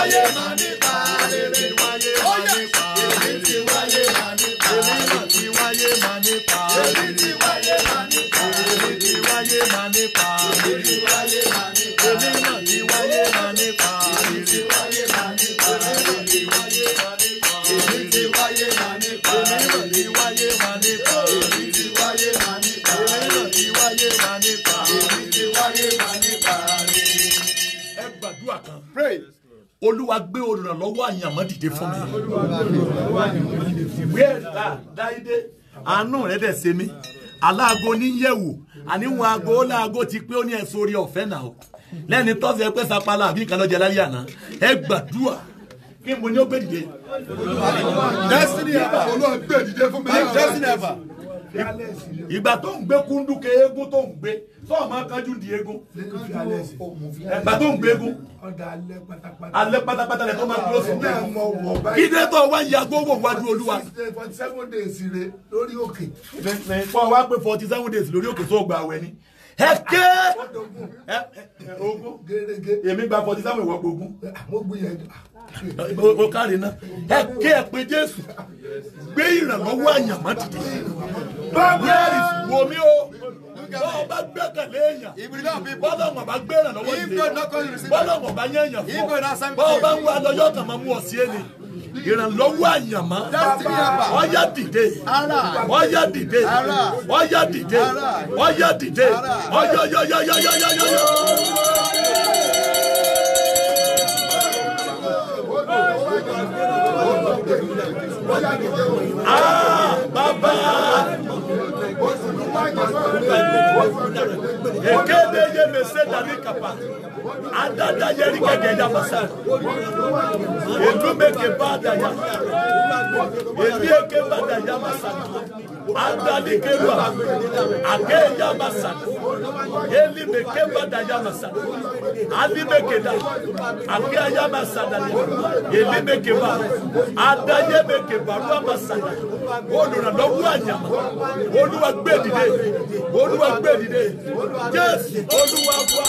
Yeah, olúwa gbé olùrànlọ́wọ́ àyànmọ́ dìde fún mi ìwé ah, ẹ̀dá dáídé àánú rẹ̀ dẹ̀ ṣe mí aláago níyẹ̀wò àníwọ̀n aago ó láago ti pé ó ní ẹ̀sùn orí ọ̀fẹ́ náà lẹ́ni tọ́sí ẹgbẹ́ sapala àbí nǹkan lọ́jà láyé àná ẹ gbàdúrà kí mo ní ó gbé dìde. destiny ever olúwa gbé dìde fún mi. destiny ever. ìgbà tó ń gbé kúndùkẹ́ eégún tó ń gbé tó ọmọ kanjú di egun ẹgbà ń gbé alẹ́ pátápátá lẹ máa dúró sí i kí dé tó wá ya gbogbo wájú olúwa. forty wá pé forty seven days lórí òkè tó gbà wẹ ni ẹkẹ ogun èmi gba forty seven ìwọ gbogun o káre náà ẹkẹ ẹ pé jésù gbé ìrànlọ́wọ́ àyàmọ́ dìde báwo wo mi o bọ́ọ̀ bá gbẹ́kẹ̀lé èèyàn bọ́ọ̀lù wọn bá gbé ìrànlọ́wọ́ ọ̀yá dìde ọ̀yá dìde ọ̀yá dìde ọ̀yá dìde ọ̀yọ́yọ́yọ́yọ́yọ́yọ́. Ah, baba. ekende ye mesedami kapa adada yeli keke ya basari edumbe kebadaya edi ekebadaya basari andalikelua akeyamasa elimekebadayamasa alimekeda akeyamasadalia elimekeba adayemekebaruamasada olùrànlọ́wọ́àyàmà olúwa gbé dìde olúwa gbé dìde jésù olúwa wá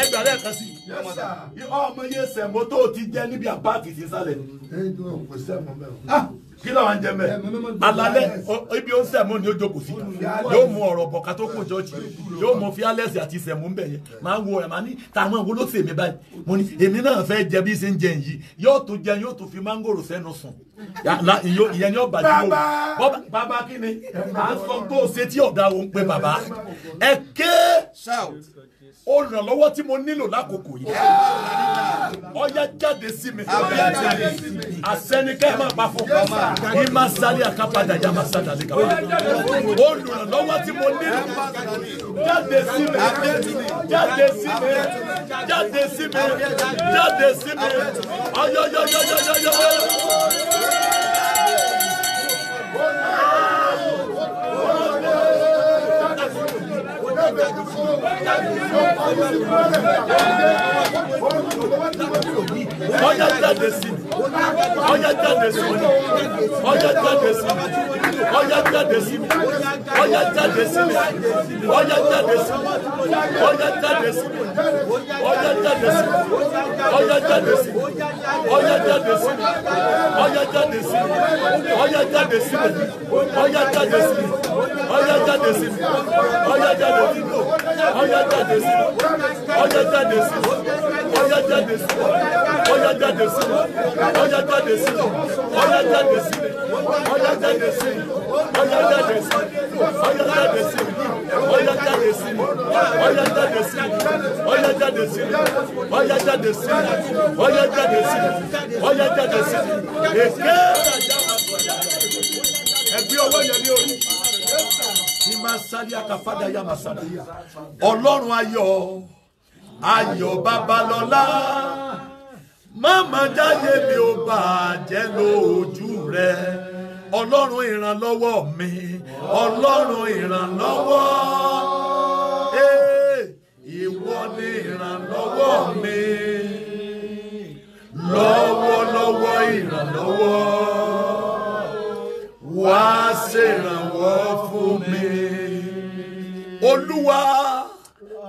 ẹgbàá lẹ́ẹ̀kan sí ọmọ yẹn sẹ̀mọ́tò ti jẹ́ níbi àpáàkì sísàlẹ̀. ẹ̀yin tó ń pèsè ẹ̀mọ́ bẹ́ẹ̀ o. Ah! kí làwọn jẹ mẹ alalẹ ibi ó ń sẹmú ni ó jókòó sí yóò mú ọ̀rọ̀ bọ kátó kó jọọjì yóò mú fíálẹsì àti sẹmú ńbẹ yẹn máa ń wo ẹ máa ní tàwọn ìwo ló sèmi báyìí mo ní èmi náà fẹ́ jẹ bí ṣe ń jẹ yìí yóò tún jẹ yóò tún fi mángòrò sẹ́nu sùn ìyẹn ni ó bàjẹ́ o bàbá kí ni à ń sọ tó o tí ọ̀dà òun pé bàbá ẹ ké olùrànlọ́wọ́ tí mo nílò lákòókò yìí ọyá jáde sí mi àsẹnikẹ́ ẹ̀ máa pa fún mi máa sáré àkápadà yá máa sáré àlékà olùrànlọ́wọ́ tí mo nílò jáde sí mi jáde sí mi jáde sí mi jáde sí mi ayọyọyọyọyọyọ. Thank you. Ọjà jáde sí i. Oya Oya Oya Oya Oya Oya Oya ọyá jáde sí Oya ọyá jáde sí mi ọyá Oya sí mi ọyá jáde sí Oya ọyá jáde sí mi ọyá Oya sí mi ọyá jáde sí Oya ọyá jáde sí mi ọyá Oya sí mi ọyá jáde sí Oya ọyá jáde sí mi ọyá Oya sí mi ọyá jáde sí Oya ọyá jáde sí mi ọyá Oya sí mi ọyá jáde sí Oya ọyá jáde sí mi ọyá Oya sí mi ọjà jáde sí mi ọjà jáde sí mi ọjà jáde sí mi ọjà jáde sí mi ọjà jáde sí mi ọjà jáde sí mi ọjà jáde sí mi ọjà jáde sí mi ọjà jáde sí mi ọjà jáde sí mi ọjà jáde sí mi èké àjà ẹgbẹ́ ọwọ́ yẹn ní orí ìmásálíà kàfádà yà màsálà ọlọ́run ayọ̀ ayọ̀ babalọ́lá. máma jáde mi ò bàjẹ́ lójú rẹ ọlọ́run ìrànlọ́wọ́ mi ọlọ́run ìrànlọ́wọ́ ìwọ ni ìrànlọ́wọ́ mi lọ́wọ́lọ́wọ́ ìrànlọ́wọ́ wá ṣèrànwọ́ fún mi olúwa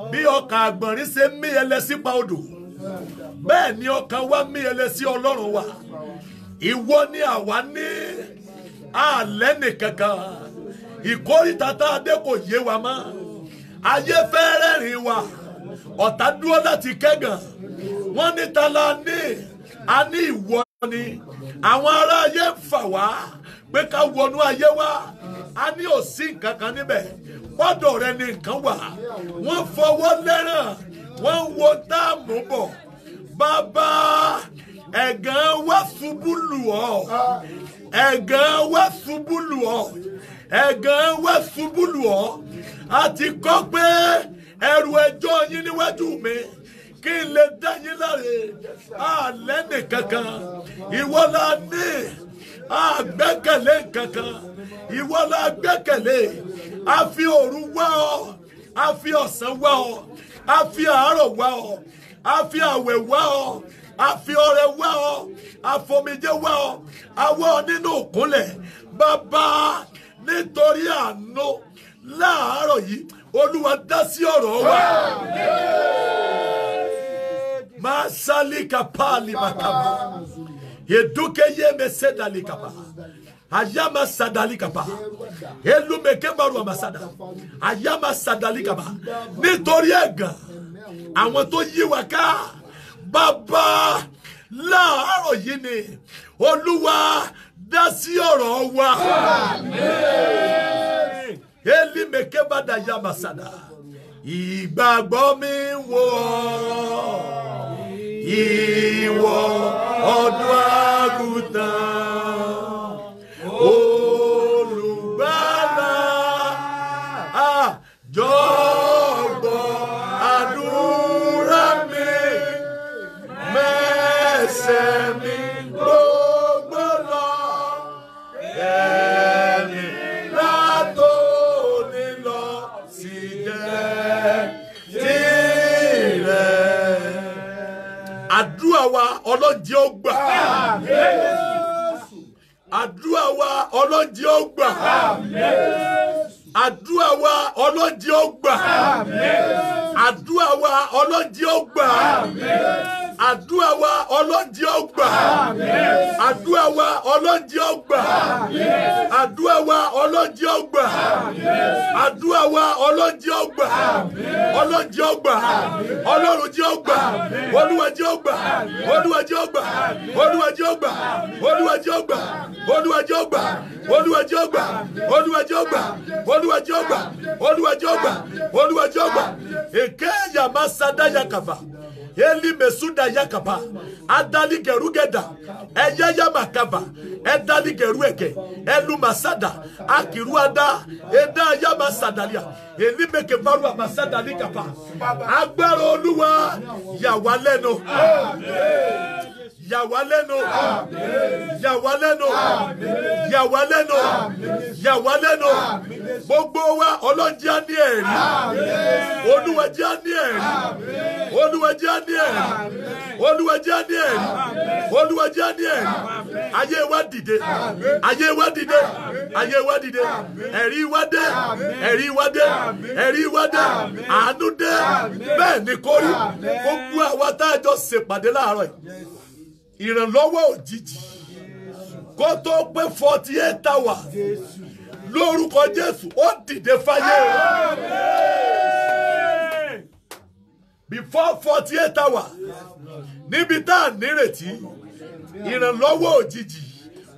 bí ọkà àgbọ̀nrín ṣe mí ẹlẹ́sìpa odò. bẹ́ẹ̀ ni ọkàn wa mí ẹlẹ́ sí ọlọ́run wa ìwọ ni àwa ní alẹ́ nìkankan ìkórìtà tá a dé kò yé wa mọ́ ayé fẹ́ rẹ́rìn wa ọ̀tá dúró láti kẹ́gàn wọ́n ní ta la ní a ní ìwọ ni àwọn ará ayé ń fà wá pé ká wọnú ayé wa a ní òsín kankan níbẹ̀ gbọ́dọ̀ rẹ ni nǹkan wà wọ́n fọwọ́ lẹ́ràn wọ́n ń wo tá a mú bọ̀ bàbá ẹ̀gàn wá ṣubú lù ọ́ ẹ̀gàn wá ṣubú lù ọ́ ẹ̀gàn wá ṣubú lù ọ́ a ti kọ́ pé ẹrù ẹjọ́ yín níwájú mi kí n lè dá yín láre àlẹ́ nìkankan ìwọ la ní àgbẹ́kẹ̀lé kankan ìwọ la gbẹ́kẹ̀lé a fi òru wá ọ a fi ọ̀sán wá ọ a fi àárọ̀ wá ọ a fi àwẹ̀ wá ọ a fi ọrẹ wá ọ a fomijé wá ọ a wá nínú òkúnlẹ̀ bàbá nítorí àánú láàárọ̀ yìí olúwa dá sí ọ̀rọ̀ wa. máa sálí kápá àlìmàkàmá yèdúkẹ́ yé mẹsẹ̀ dàlí kàmá ayama sadali kaba elumeke baru amasada ayama sadali kaba nítorí ẹ̀gàn àwọn tó yí wa ká bàbá láàárọ̀ yìí ni olúwa dá sí ọ̀rọ̀ wa elimeke bada yama sada ìgbàgbọ́ mi wọ̀ ìwọ ọdún àgùntàn. ẹsẹ̀ mi gbogbo lọ ẹ̀mí látò ní lọ sí jẹ́ tirẹ̀. àdúrà wa ọlọ́jẹ́ ó gbà. àdúrà wa ọlọ́jẹ́ ó gbà. àdúrà wa ọlọ́jẹ́ ó gbà. àdúrà wa ọlọ́jẹ́ ó gbà àdúrà wa ọlọ́dí ọgbà àdúrà wa ọlọ́dí ọgbà àdúrà wa ọlọ́dí ọgbà àdúrà wa ọlọ́dí ọgbà ọlọ́dí ọgbà ọlọ́run jẹ́ ọgbà olúwa jẹ́ ọgbà olúwa jẹ́ ọgbà olúwa jẹ́ ọgbà olúwa jẹ́ ọgbà olúwa jẹ́ ọgbà olúwa jẹ́ ọgbà olúwa jẹ́ ọgbà olúwa jẹ́ ọgbà olúwa jẹ́ ọgbà olúwa jẹ́ ọgbà èké yàmá sadá yakàfà heli mesuda yakaba adali gerugeda ẹyẹyẹ makaba ẹdali gerueke ẹlumasada akiruada ẹdá yamasadalia elimeke baru amasadali kapa agbára olúwa yà wá lẹ́nu. Amen yà wá lẹ́nu yà wá lẹ́nu yà wá lẹ́nu gbogbo wa ọlọ́jẹ́ á ní ẹ̀rí olúwẹ̀jẹ́ á ní ẹ̀rí olúwẹ̀jẹ́ á ní ẹ̀rí olúwẹ̀jẹ́ á ní ẹ̀rí olúwẹ̀jẹ́ ní ẹ̀rí ayé wa dìde ayé wa dìde ayé wa dìde ẹ̀rí wa dé ẹ̀rí wa dé ẹ̀rí wa dé àánú dé bẹ́ẹ̀ ni kórí gbogbo àwa tá jọ ṣèpàdé láàárọ̀ yìí ìrànlọ́wọ́ òjijì kó tó pé forty eight hours lórúkọ Jésù ó dìde fáyé rẹ̀ before forty eight hours níbi tá à nírètí ìrànlọ́wọ́ òjijì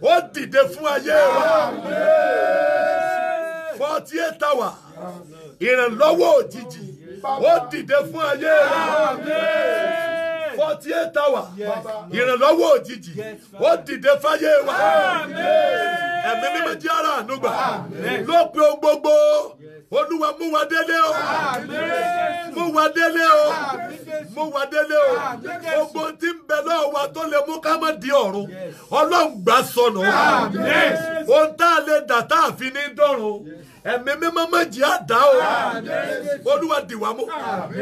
ó dìde fún ayé wa forty eight hours ìrànlọ́wọ́ òjijì ó dìde fún ayé wa forty eight hours ìrànlọ́wọ́ òjijì ó dìde fáyé wa ẹ̀mí mímọ́ jẹ́ ara ànúgbà lópin ohun gbogbo olúwa mú wa délé o mú wa délé o mú wa délé o gbogbo tí ń bẹ lọ́wọ́ wa tó lè mú ká má di ọ̀run ọlọ́run gbà sọnù ohun tá a lè dà tá a fi ní dọ̀run ẹ̀mí mímọ́ méjì á dá o olúwa dìwà mú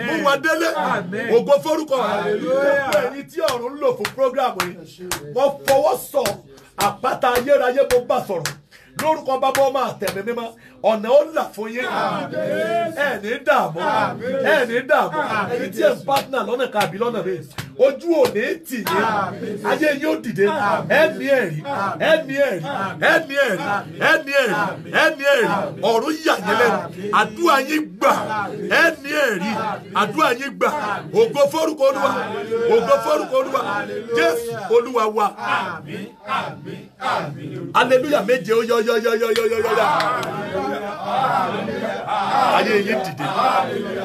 mú wa délé ògo forúkọ gbogbo ẹ̀yin tí ọ̀run ń lò fún prógrámù yìí wọ́n fọwọ́ sọ àpáta ayérayé mo bá sọ̀rọ̀ lórúkọ bàbá ọmọ àtẹ̀mí mímọ́ ọ̀nà ó là fún yín ẹ ní dààmú ẹ ní dààmú ẹni tí ẹ ń pátánà lọ́nà kàbí lọ́nà mi ojú òní tì yín ayé yín ó dìde ẹ ní ẹ̀rí ẹ ní ẹ̀rí ẹ ní ẹ̀rí ẹ ní ẹ̀rí ẹ ní ẹ̀rí ọ̀run yà yín lẹ́nu àdúrà yín gbà ẹ ní ẹ̀rí àdúrà yín gbà ògo fórúkọ olúwa ògo fórúkọ olúwa jésù olúwa wa aleluya méje ó yọ yọ yọ yọ yọ yọ yọ. ayé na dìde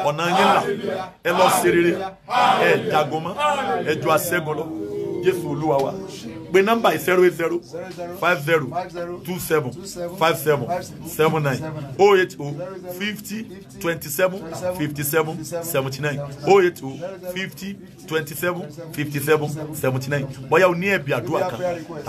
ọ̀nà yín là ẹ lọ sí rere ẹ jagun ẹ lọ pé nọ́mbà yìí zero eight zero five zero two seven five seven seven nine oh eight oh fifty twenty seven fifty seven seventy nine oh eight oh fifty twenty seven fifty seven seventy nine bóyá o ní ẹ̀bì àdúrà kan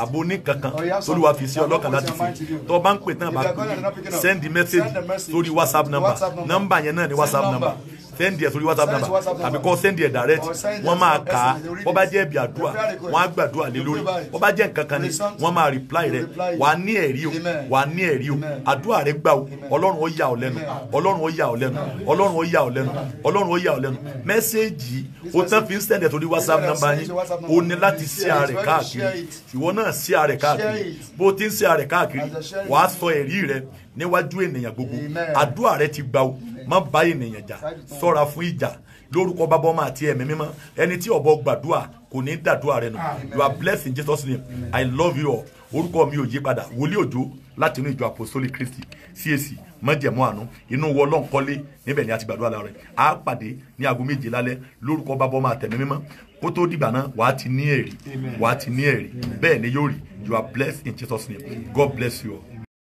àbò ní kankan sórí wa fi sí ọlọ́kan láti fi tó bá ń pè tán bá pè send message sórí whatsapp number Number. yẹn náà ni whatsapp number. Send ẹ̀ sórí whatsapp number tàbí kọ́ sẹ́ndì ẹ̀ direct wọ́n máa kà á wọ́n bá jẹ́ ẹ̀bì àdúrà wọ́n á gbàdúrà lé lórí wọ́n bá jẹ́ nǹkan kan ní wọ́n máa reply rẹ̀ wà á ní ẹ̀rí o wà á ní ẹ̀rí o àdúrà rẹ̀ gbà o ọlọ́run ó yà ọ́ lẹ́nu ọlọ́run ó yà ọ́ lẹ́nu ọlọ́run ó yà ọ́ lẹ́nu ọlọ́run ó yà ọ́ lẹ́nu mẹ́sẹ̀gì o tán fi ń sẹ́ndì ẹ̀ whatsapp number yín o ní láti sí ààrẹ káàkiri ìwọ náà sí ààrẹ káàkiri bó o ti ń sí ààrẹ káàkiri wàá sọ ẹ̀rí rẹ níwájú ènìyàn gbogbo àdúrà rẹ ti gbà o má bá ènìyàn jà sọ́ra fún ìjà lórúkọ bàbá ọmọ àti ẹ̀mí mímọ́ ẹni tí ọ̀bọ gbàdúrà kò ní dàdúrà rẹ nù you are blessed in Jesus name I love you all orúkọ mi ò yí padà wòlíì òjò láti inú ìjọ apostolic Christi CAC mọ́jẹ̀mọ́ àánú inú wọ lọ́nkọ́lé níbẹ̀ ni a ti gbàdúrà lára rẹ̀ a pàdé ní aago méje lálẹ́ lórúkọ bàbá ọmọ àtẹ̀mí mímọ́ kó tó dìgbà náà wàá ti ní ẹ̀rí wàá ti ní ẹ̀rí bẹ́ẹ̀ ni yóò rí you are blessed in Jesus name God bless you all.